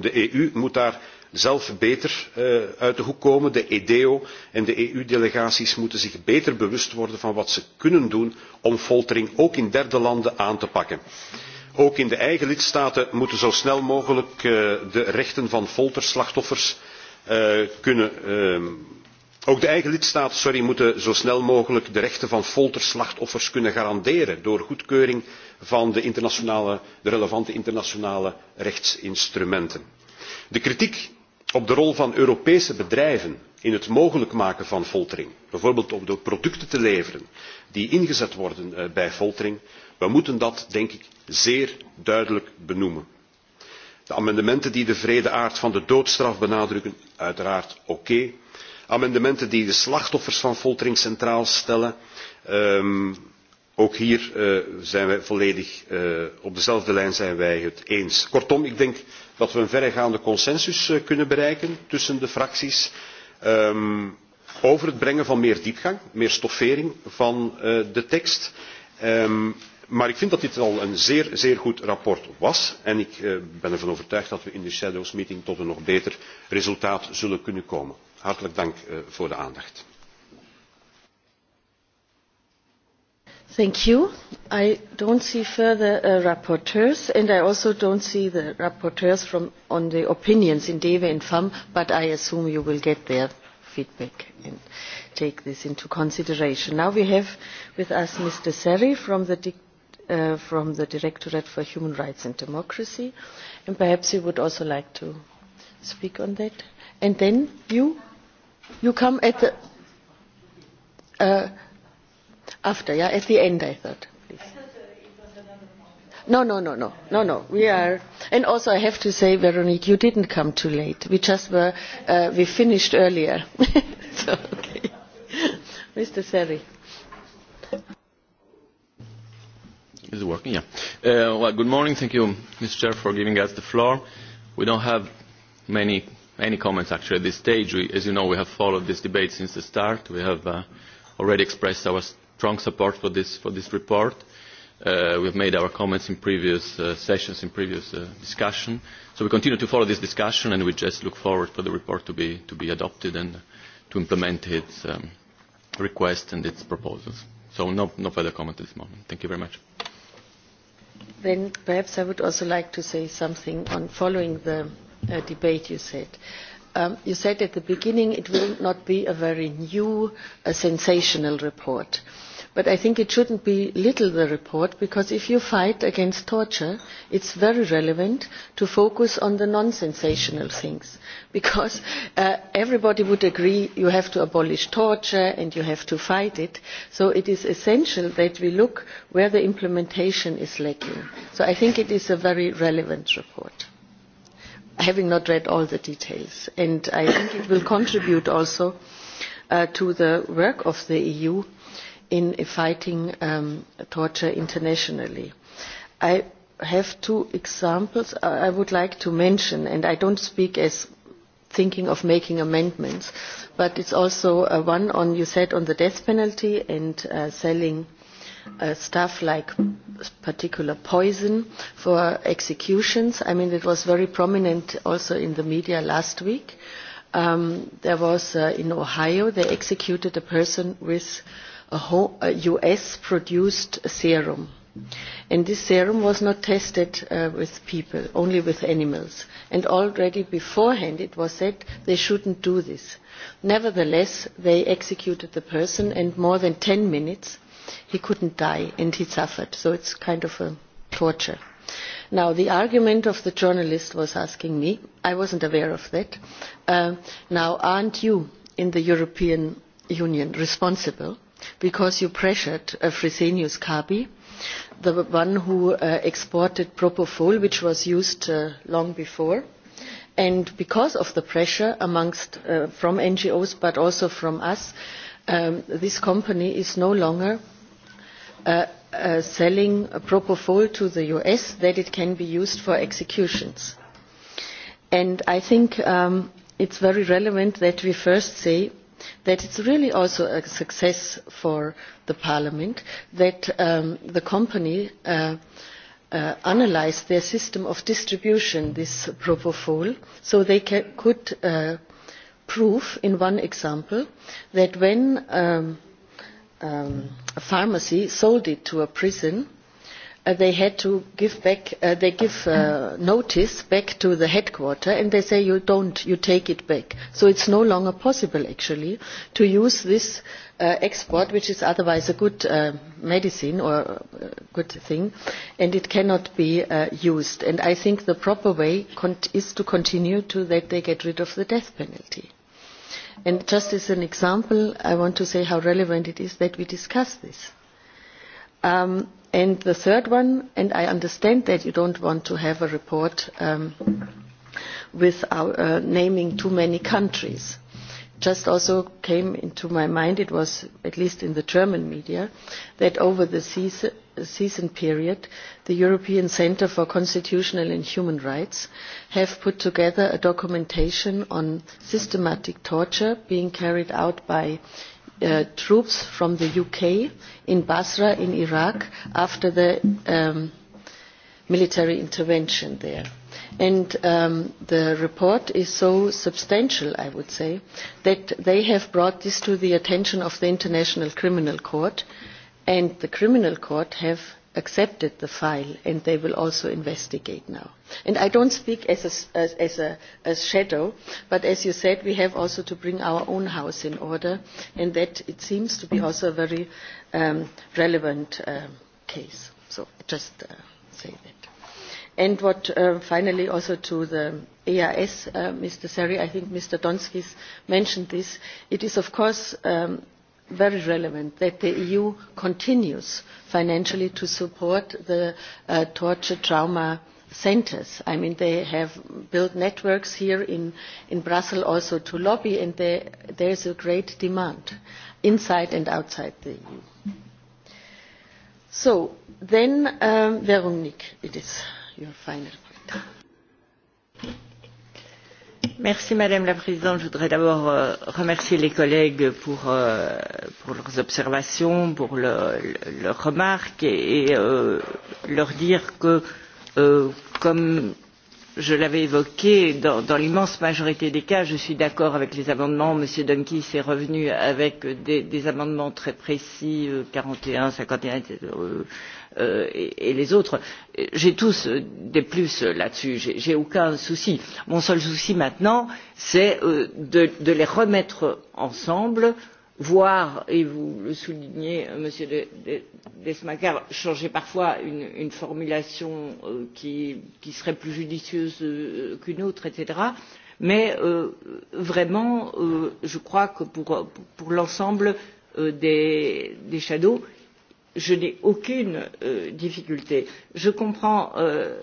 de eu moet daar zelf beter uit de hoek komen. de edeo en de eu delegaties moeten zich beter bewust worden van wat ze kunnen doen om foltering ook in derde landen aan te pakken. ook in de eigen lidstaten moeten zo snel mogelijk de rechten van folterslachtoffers kunnen ehm, ook de eigen lidstaten moeten zo snel mogelijk de rechten van folterslachtoffers kunnen garanderen door goedkeuring van de relevante internationale rechtsinstrumenten. de kritiek op de rol van europese bedrijven in het mogelijk maken van foltering bijvoorbeeld om de producten te leveren die ingezet worden eh, bij foltering we moeten dat denk ik zeer duidelijk benoemen. de amendementen die de wrede aard van de doodstraf benadrukken uiteraard oké amendementen die de slachtoffers van foltering centraal stellen. Ehm, ook hier eh, zijn wij volledig eh, op dezelfde lijn zijn wij het eens. kortom ik denk dat wij een verregaande consensus eh, kunnen bereiken tussen de fracties ehm, over het brengen van meer diepgang meer stoffering van de tekst. Ehm, maar ik vind dat dit al een zeer zeer goed verslag was en ik ben ervan overtuigd dat wij in de schaduwrapporteurs tot een nog beter resultaat zullen kunnen komen. Hartelijk dank eh, voor de aandacht. Thank you. I don't see further uh, rapporteurs and I also don't see the rapporteurs from on the opinions in DEVE and FAM, but I assume you will get their feedback and take this into consideration. Now we have with us Mr. Seri from the, uh, from the Directorate for Human Rights and Democracy and perhaps he would also like to speak on that. And then you? you come at the uh, after, yeah, at the end. I thought. Please. No, no, no, no, no, no. We are, and also I have to say, Veronique, you didn't come too late. We just were, uh, we finished earlier. so, okay. Mr. Seri. Is it working? Yeah. Uh, well, good morning. Thank you, Mr. Chair, for giving us the floor. We don't have many many comments at this stage. as you know we have followed this debate since the start. we have uh, already expressed our strong support for this report. Uh, we have made our comments in previous uh, sessions in previous discussions. so we continue to follow this discussion and we just look forward for the report to be, to be adopted and to implement its um, requests and its proposals. so no, no further comment at this moment. thank you very much. then perhaps i would also like to say something on following the Uh, debate you said. Um, you said at the beginning it will not be a very new, a uh, sensational report. But I think it shouldn't be little the report because if you fight against torture, it's very relevant to focus on the non-sensational things. Because uh, everybody would agree you have to abolish torture and you have to fight it. So it is essential that we look where the implementation is lacking. So I think it is a very relevant report having not read all the details. And I think it will contribute also uh, to the work of the EU in fighting um, torture internationally. I have two examples uh, I would like to mention, and I don't speak as thinking of making amendments, but it's also uh, one on, you said, on the death penalty and uh, selling uh, stuff like particular poison for executions. I mean, it was very prominent also in the media last week. Um, there was uh, in Ohio, they executed a person with a, ho- a US produced serum. And this serum was not tested uh, with people, only with animals. And already beforehand it was said they shouldn't do this. Nevertheless, they executed the person and more than 10 minutes he couldn't die and he suffered so it's kind of a torture now the argument of the journalist was asking me i wasn't aware of that uh, now aren't you in the european union responsible because you pressured uh, Frisenius Kabi, the one who uh, exported propofol, which was used uh, long before, and because of the pressure amongst, uh, from NGOs but also from us, um, this company is no longer Uh, uh, selling propofol to the US that it can be used for executions. And I think um, it's very relevant that we first say that it's really also a success for the Parliament that um, the company uh, uh, analyzed their system of distribution, this propofol, so they ca- could uh, prove in one example that when um, um, a pharmacy sold it to a prison. Uh, they had to give back. Uh, they give uh, notice back to the headquarter, and they say you don't. You take it back. So it's no longer possible, actually, to use this uh, export, which is otherwise a good uh, medicine or a uh, good thing, and it cannot be uh, used. And I think the proper way cont- is to continue to that they get rid of the death penalty and just as an example, I want to say how relevant it is that we discuss this. Um, and the third one, and I understand that you don't want to have a report um, with our, uh, naming too many countries, just also came into my mind, it was at least in the German media, that over the season, season period, the European Centre for Constitutional and Human Rights have put together a documentation on systematic torture being carried out by uh, troops from the UK in Basra in Iraq after the um, military intervention there. And um, the report is so substantial, I would say, that they have brought this to the attention of the International Criminal Court and the criminal court have accepted the file and they will also investigate now. And I don't speak as a, as, as a as shadow, but as you said, we have also to bring our own house in order, and that it seems to be also a very um, relevant um, case. So just uh, say that. And what uh, finally also to the AIS, uh, Mr. Seri, I think Mr. Donskis mentioned this, it is of course um, very relevant that the EU continues financially to support the uh, torture trauma centres. I mean, they have built networks here in, in Brussels also to lobby, and they, there is a great demand inside and outside the EU. So, then, um, Veronique, it is your final point madame la présidente je voudrais d'abord euh, remercier les collègues pour euh, leurs observations pour leurs remarques et euh, leur dire que comme je l'avais évoqué dans l'immense majorité des cas je suis d'accord avec les amendements m. donskis est revenu avec des amendements très précis quarante et un cinquante et un Euh, et les autres j'ai tous des plus là dessus j'ai aucun souci. mon seul souci maintenant c'est euh, de les remettre ensemble voir et vous le soulignez euh, monsieur demesmaeker changer parfois une formulation qui serait plus judicieuse qu'une autre etc. mais vraiment je crois que pour l'ensemble des rapporteurs je n'ai aucune euh, difficulté. Je comprends euh,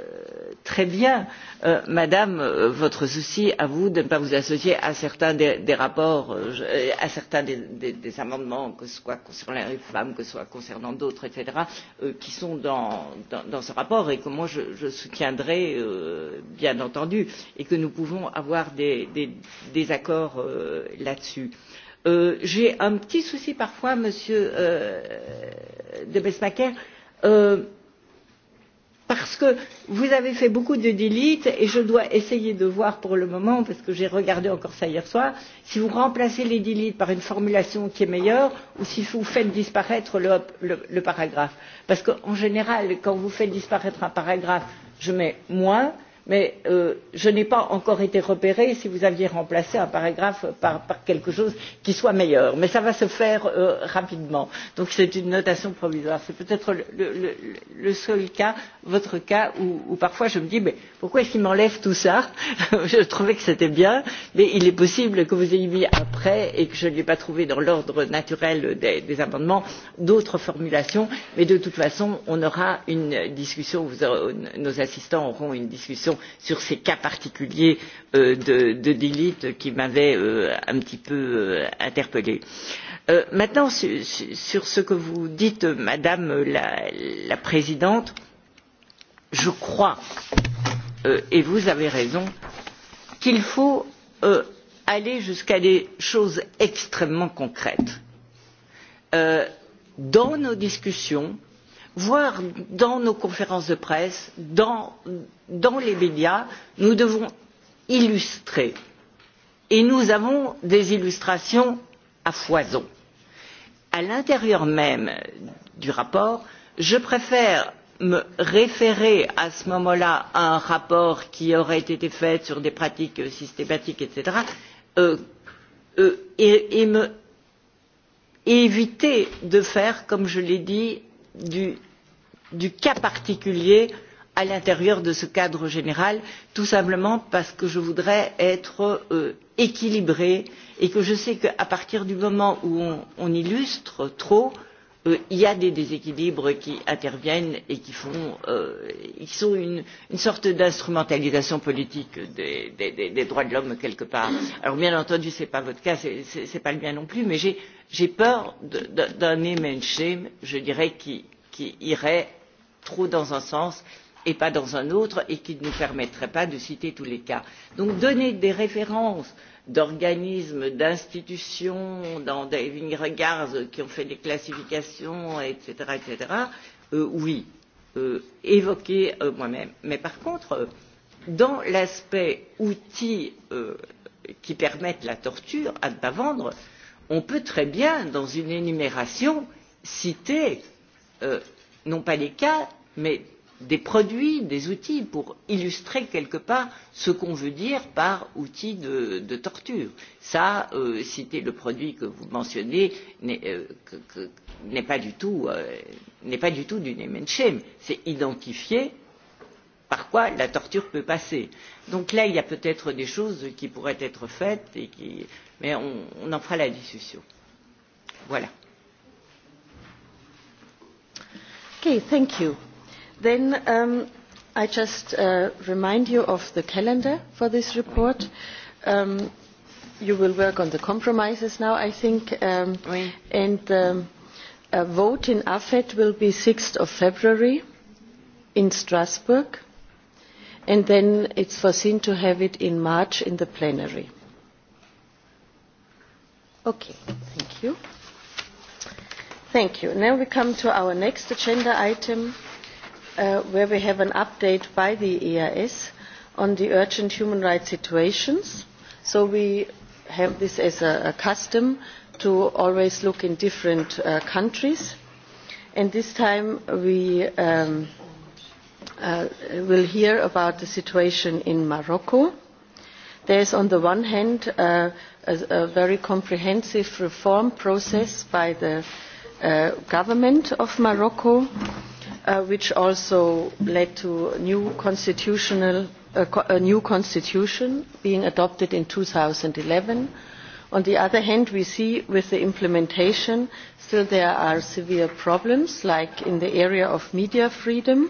très bien, euh, Madame, euh, votre souci à vous de ne pas vous associer à certains des, des rapports, euh, euh à certains des, des, des amendements, que ce soit concernant les femmes, que ce soit concernant d'autres, etc., euh, qui sont dans, dans, dans ce rapport et que moi je, je soutiendrai, euh, bien entendu, et que nous pouvons avoir des, des, des accords euh, là-dessus. Euh, Euh, j'ai un petit souci parfois monsieur euh, de besmacker euh, parce que vous avez fait beaucoup de delete et je dois essayer de voir pour le moment parce que j'ai regardé encore ça hier soir si vous remplacez les delete par une formulation qui est meilleure ou si vous faites disparaître le, le, le paragraphe parce qu'en général quand vous faites disparaître un paragraphe je mets moins mais euh, je n'ai pas encore été repérée si vous aviez remplacé un paragraphe par quelque chose qui soit meilleur mais cela va se faire euh, rapidement donc c'est une notation provisoire. c'est peut être le seul cas votre cas où parfois je me dis mais pourquoi est ce qu'il m'enlève tout cela? je trouvais que c'était bien mais il est possible que vous ayez mis après et que je n'ai pas trouvé dans l'ordre naturel des amendements d'autres formulations mais de toute façon on aura une discussion nos assistants auront une discussion sur ces cas particuliers euh, de délit qui m'avaient euh, un petit peu euh, interpellée. maintenant sur ce que vous dites madame la présidente je crois et vous avez raison qu'il faut aller jusqu'à des choses extrêmement concrètes dans nos discussions voire dans nos conférences de presse dans les médias nous devons illustrer et nous avons des illustrations à foison. à l'intérieur même du rapport je préfère me référer à ce moment là à un rapport qui aurait été fait sur des pratiques systématiques etc. et euh, euh, éviter de faire comme je l'ai dit du du cas particulier à l'intérieur de ce cadre général tout simplement parce que je voudrais être euh, équilibrée et que je sais qu'à partir du moment où on illustre trop euh, il y a des déséquilibres qui interviennent et qui euh, sont une sorte d'instrumentalisation politique des, des, des droits de l'homme quelque part. Alors bien entendu ce n'est pas votre cas, ce n'est pas le mien non plus, mais j'ai peur d'un name and shame, je dirais, qui, qui irait trop dans un sens et pas dans un autre et qui ne nous permettrait pas de citer tous les cas. donc donner des références d'organismes d'institutions dans david regards qui ont fait des classifications etc. etc. Euh, oui euh, évoquer euh, moi même mais par contre euh, dans l'aspect outils euh, qui permettent la torture à ne pas vendre on peut très bien dans une énumération citer euh, non pas des cas mais des produits des outils pour illustrer quelque part ce qu'on veut dire par outil de, de torture. Ça, euh, citer le produit que vous mentionnez n'est euh, pas du tout euh, n'est pas du tout d'une MNCM. C'est identifier par quoi la torture peut passer. Donc là, il y a peut-être des choses qui pourraient être faites, et qui... mais on, on en fera la discussion. Voilà. thank you. then um, i just uh, remind you of the calendar for this report. Um, you will work on the compromises now, i think. Um, oui. and the um, vote in afet will be 6th of february in strasbourg. and then it's foreseen to have it in march in the plenary. okay. thank you now we come to our next agenda item uh, where we have an update by the eeas on the urgent human rights situations so we have this as a custom to always look in different uh, countries and this time we um, uh, will hear about the situation in morocco there is on the one hand a very comprehensive reform process by the Uh, government of morocco uh, which also led to uh, a new constitution being adopted in two thousand and eleven on the other hand we see with the implementation that there are still severe problems like in the area of media freedom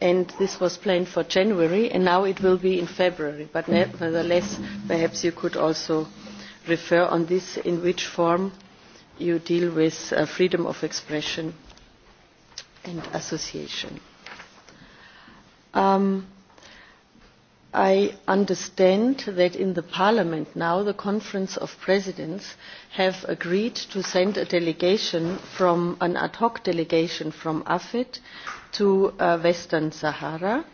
and this was planned for January, and now it will be in February. But nevertheless, perhaps you could also refer on this in which form you deal with uh, freedom of expression and association. Um, I understand that in the Parliament now the Conference of Presidents have agreed to send a delegation from an ad hoc delegation from AFID to uh, Western Sahara.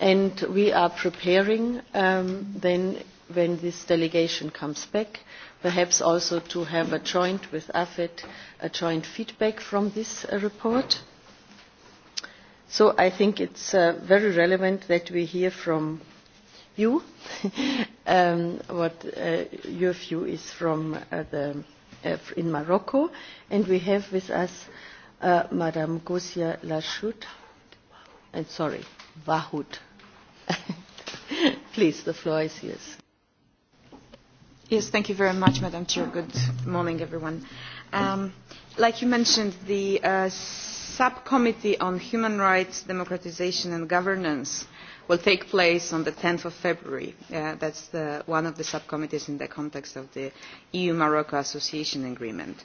And we are preparing um, then when this delegation comes back, perhaps also to have a joint with AFID, a joint feedback from this uh, report so i think it is uh, very relevant that we hear from you um, what uh, your view is uh, in morocco and we have with us madam gauzya wahut. please the floor is yours. yes thank you very much madam chair. good morning everyone. Um, like you mentioned the uh, subcommittee on human rights democratisation and governance will take place on ten february. Uh, that is one of the subcommittees in the context of the eu morocco association agreement.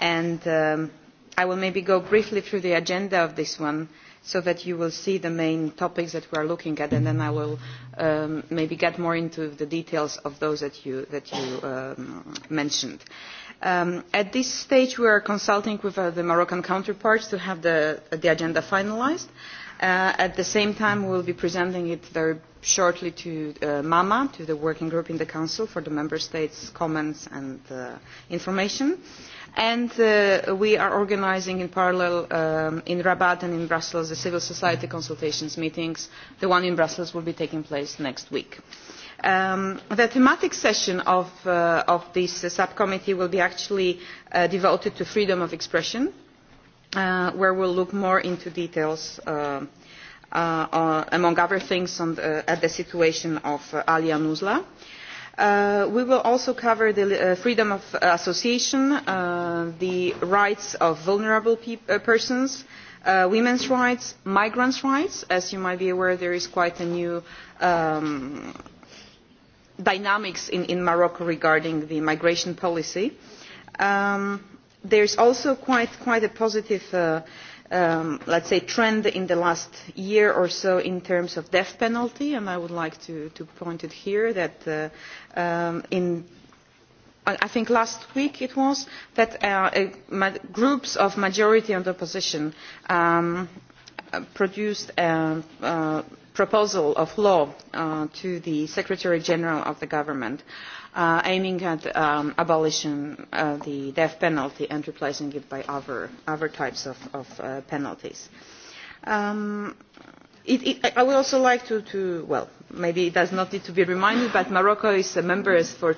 Um, i will maybe go briefly through the agenda of this one so that you will see the main topics that we are looking at and then i will um, maybe get more into the details of those that you um, mentioned. Um, at this stage, we are consulting with uh, the Moroccan counterparts to have the, the agenda finalized. Uh, at the same time, we will be presenting it very shortly to uh, MAMA, to the working group in the Council for the Member States' comments and uh, information. And uh, we are organizing in parallel um, in Rabat and in Brussels the civil society consultations meetings. The one in Brussels will be taking place next week. Uh, Um, the thematic session uh, of this subcommittee will be actually uh, devoted to freedom of expression uh, where we will look more into details among other things at the situation of ali yunusla. we will also cover the freedom of association the rights of vulnerable persons women's rights migrants' rights as you might be aware there is quite a new um, dynamics in, in Morocco regarding the migration policy. Um, there is also quite, quite a positive, uh, um, let's say, trend in the last year or so in terms of death penalty, and I would like to, to point it here that uh, um, in, I think last week it was, that uh, uh, ma- groups of majority and opposition um, uh, produced uh, uh, proposal of law uh, to the secretary general of the government uh, aiming at um, abolishing uh, the death penalty and replacing it by other, other types of, of uh, penalties. Um, i would also like to well maybe it does not need to be reminded but morocco is a member for uh,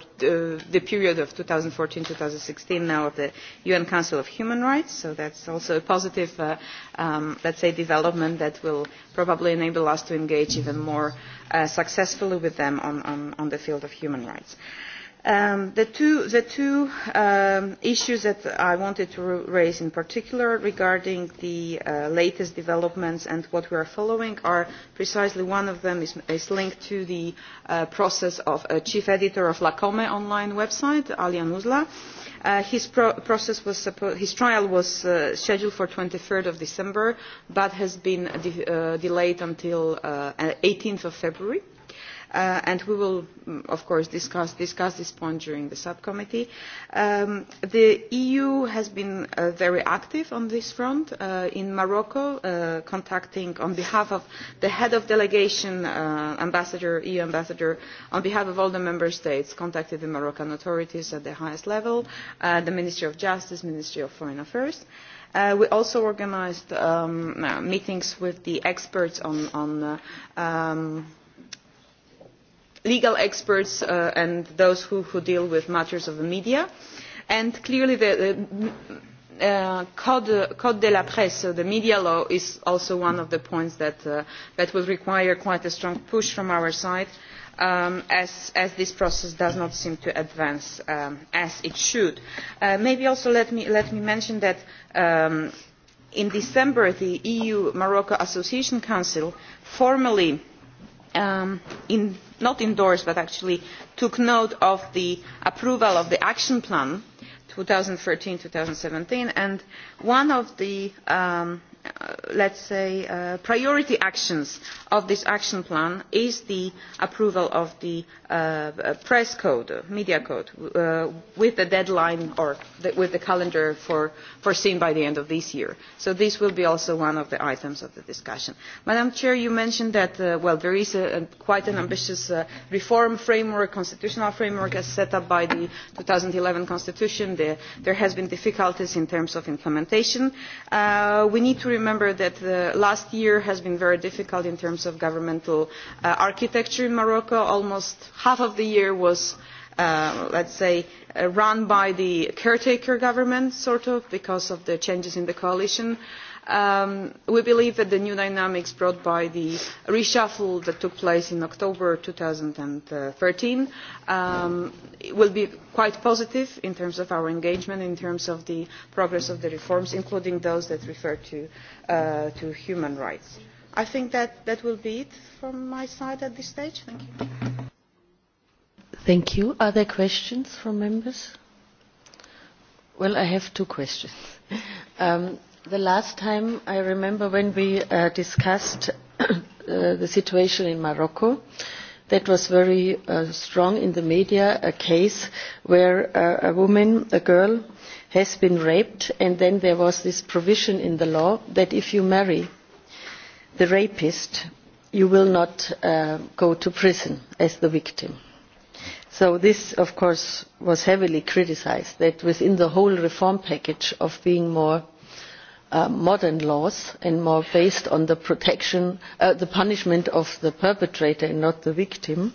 the period of two thousand and fourteen two thousand and sixteen now of the un council of human rights so that is also a positive uh, um, let us say development that will probably enable us to engage even more uh, successfully with them in the field of human rights. Um, the two um, issues that i wanted to raise in particular regarding the uh, latest developments and what we are following are precisely one of them is linked to the uh, process of a chief editor of la comme online website ali annoula. Uh, his trial was scheduled for twenty three december but has been delayed until eighteen february. Uh, and we will mm, of course discuss this point during the subcommittee. Um, the eu has been uh, very active on this front uh, in morocco contacting on behalf of the head of delegation eu ambassador on behalf of all the member states contacted the moroccan authorities at the highest level the ministry of justice the ministry of foreign affairs. we also organised um, meetings with the experts on um, legal experts uh, and those who deal with matters of the media and clearly the uh, code de la presse the media law is also one of the points that uh, will require quite a strong push from our side um, as this process does not seem to advance um, as it should. maybe also let me mention that um, in december the eu morocco association council formally not endorsed but actually took note of the approval of the action plan two thousand and thirteen two thousand and seventeen and one of the um, Uh, let us say uh, priority actions of this action plan is the approval of the uh, press code the media code with a deadline or with a calendar foreseen by the end of this year. so this will also be one of the items of the discussion. madam president you mentioned that there is quite an ambitious reform framework constitutional framework as set up by the two thousand and eleven constitution. there have been difficulties in terms of implementation. we need remember that the last year has been very difficult in terms of governmental uh, architecture in Morocco. Almost half of the year was, uh, let's say, uh, run by the caretaker government, sort of, because of the changes in the coalition. Uh, Um, we believe that the new dynamics brought by the reshuffle that took place in october two thousand and thirteen um, will be quite positive in terms of our engagement in terms of the progress of the reforms including those that refer to uh, human rights. i think that will be it from my side at this stage. thank you. thank you. are there questions from members? well, i have two questions. Um, the last time i remember when we uh, discussed uh, the situation in morocco that was very uh, strong in the media a case where uh, a woman a girl has been raped and then there was this provision in the law that if you marry the rapist you will not uh, go to prison as the victim so this of course was heavily criticized that within the whole reform package of being more Uh, modern laws and more based on uh, the punishment of the perpetrator and not the victim.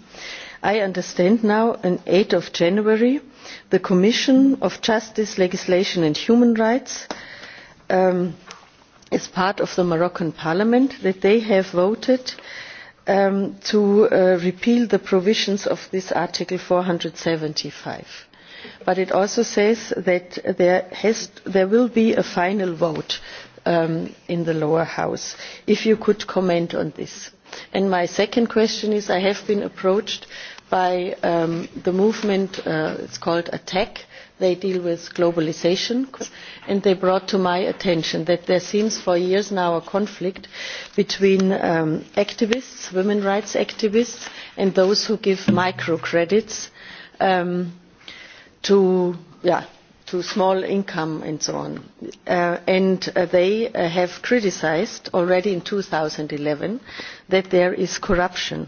i understand now on eight january the commission of justice legislation and human rights as um, part of the moroccan parliament that they have voted um, to uh, repeal the provisions of this article four hundred and seventy five but it also says that there will be a final vote um, in the lower house. if you could comment on this. my second question is i have been approached by um, the movement uh, it is called attac they deal with globalisation and they brought to my attention that there seems for years now a conflict between um, activists women's rights activists and those who give microcredits to small income and so on. Uh, and uh, they uh, have criticised already in two thousand and eleven that there is corruption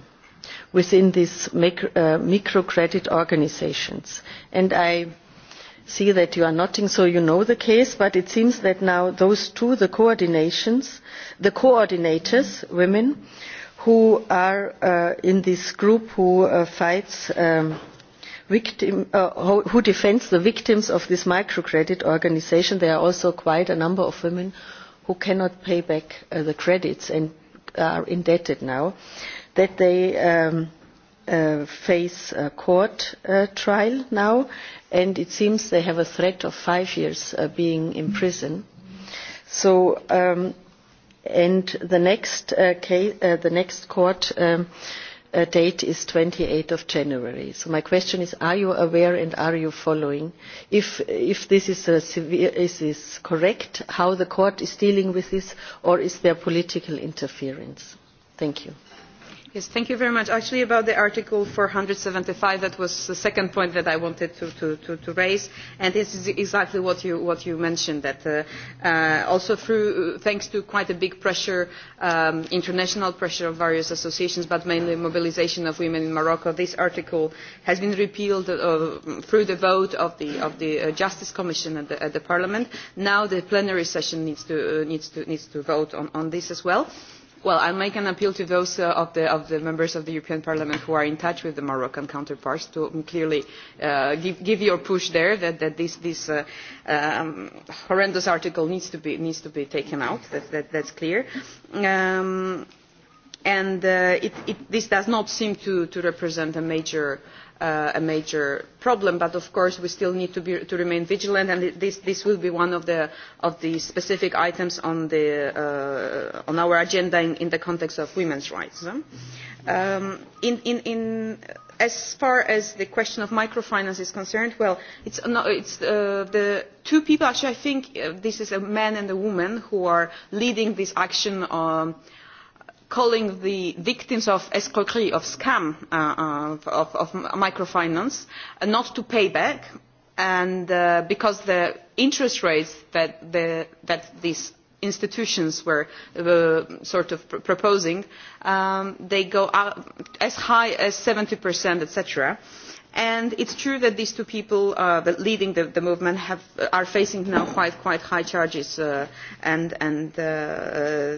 within these microcredit organisations and i see that you are nodding so you know the case but it seems that now those two the coordinations the coordinators women who are in this group who fights um, Uh, who defends the victims of this microcredit organisation there are also quite a number of women who cannot pay back uh, the credits and are indebted now that they um, uh, face a court trial now and it seems they have a threat of five years of being in prison. So, um, and the next, uh, case, uh, the next court um, Uh, date is twenty eight january. so my question is are you aware and are you following if this is uh, correct how the court is dealing with this or is there political interference? actually about article four hundred and seventy five that was the second point that i wanted to raise and this is exactly what you mentioned that uh, uh, also thanks to quite a big pressure um, international pressure of various associations but mainly mobilisation of women in morocco this article has been repealed uh, through the vote of the justice commission at the parliament. now the plenary session needs to vote on this as well well i make an appeal to those uh, of the of the members of the european parliament who are in touch with the moroccan counterparts to um, clearly uh, give give your push there that that this this uh, um, horrendous article needs to be needs to be taken out that, that that's clear um, and uh, it, it, this does not seem to, to represent a major uh, uh, a major problem, but of course we still need to, be, to remain vigilant and this, this will be one of the, of the specific items on, the, uh, on our agenda in, in the context of women's rights. Um, in, in, in, as far as the question of microfinance is concerned, well, it's, no, it's uh, the two people, actually i think uh, this is a man and a woman who are leading this action on, um, calling the victims of escroquerie of scam uh, uh, of, of microfinance uh, not to pay back and uh, because the interest rates that the that these institutions were uh, sort of pr proposing um, they go out as high as 70% etc and it's true that these two people uh, leading the, the movement have, are facing now quite, quite high charges uh, and, and uh,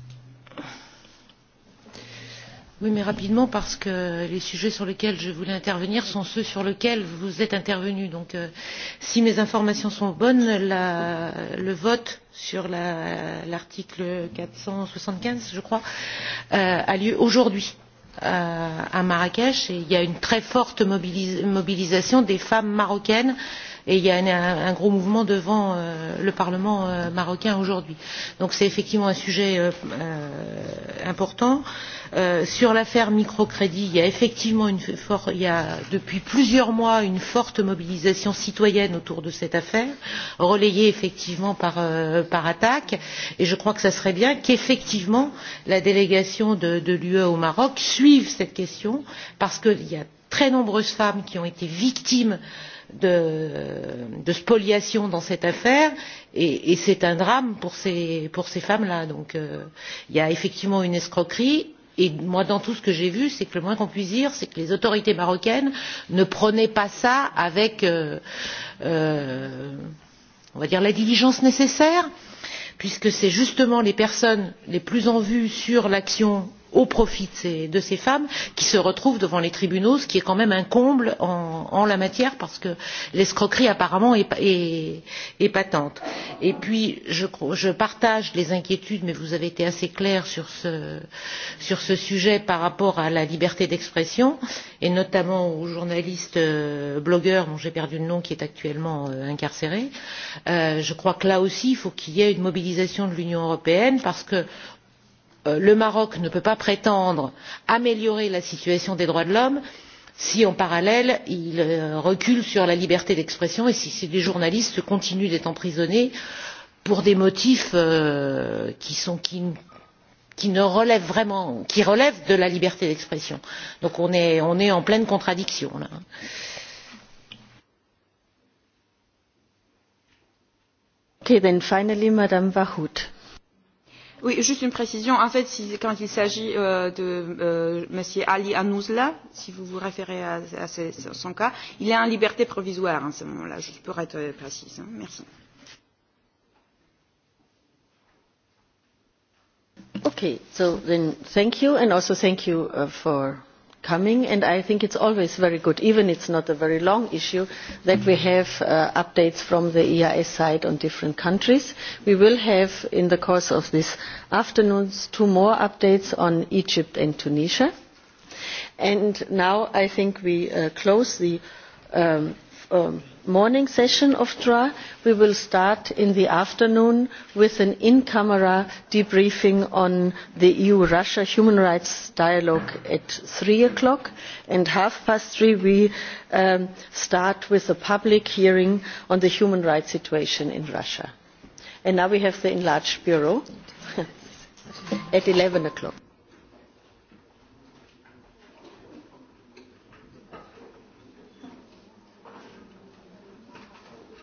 mais rapidement parce que les sujets sur lesquels je voulais intervenir sont ceux sur lesquels vous êtes intervenu. Donc, euh, si mes informations sont bonnes, la, le vote sur l'article la, 475, je crois, euh, a lieu aujourd'hui euh, à Marrakech et il y a une très forte mobilis mobilisation des femmes marocaines euh, et il y a un gros mouvement devant euh, le parlement euh, marocain aujourd'hui. donc c'est effectivement un sujet euh, important. sur l'affaire microcrédit il y a effectivement depuis plusieurs mois une forte mobilisation citoyenne autour de cette affaire relayée effectivement par attac et je crois que ce serait bien qu'effectivement la délégation de l'ue au maroc suive cette question parce qu'il y a de très nombreuses femmes qui ont été victimes de spoliation dans cette affaire et c'est un drame pour ces femmes là. donc euh, il y a effectivement une escroquerie et moi dans tout ce que j'ai vu le moins qu'on puisse dire c'est que les autorités marocaines ne prenaient pas ça avec euh, euh, on va dire la diligence nécessaire puisque c'est justement les personnes les plus en vue sur l'action au profit de ces femmes qui se retrouvent devant les tribunaux ce qui est quand même un comble en la matière parce que l'escroquerie apparemment est patente. et puis je partage les inquiétudes mais vous avez été assez claire sur ce sujet par rapport à la liberté d'expression et notamment au journaliste euh, blogueur dont j'ai perdu le nom qui est actuellement euh, incarcéré. Euh, je crois que là aussi il faut qu'il y ait une mobilisation de l'union européenne parce que Euh, le maroc ne peut pas prétendre améliorer la situation des droits de l'homme si en parallèle il euh, recule sur la liberté d'expression et si des journalistes continuent d'être emprisonnés pour des motifs euh, qui relèvent de la liberté d'expression. donc on est en pleine contradiction là. Oui, juste une précision. En fait, si, quand il s'agit euh, de euh, M. Ali Anouzla, si vous vous référez à, à ses, son cas, il est en liberté provisoire en ce moment-là, juste pour être euh, précise. Hein. Merci. Okay, so then thank you and also thank you uh, for coming and i think it is always very good even if it is not a very long issue that we mm-hmm. have uh, updates from the eeas side on different countries. we will have in the course of this afternoon two more updates on egypt and tunisia. now i think we uh, close the um, um, morning session of the draw we will start in the afternoon with an in camera debriefing on the eu russia human rights dialogue at three o'clock and at half past three we um, start with a public hearing on the human rights situation in russia and now we have the enlarged bureau at eleven o'clock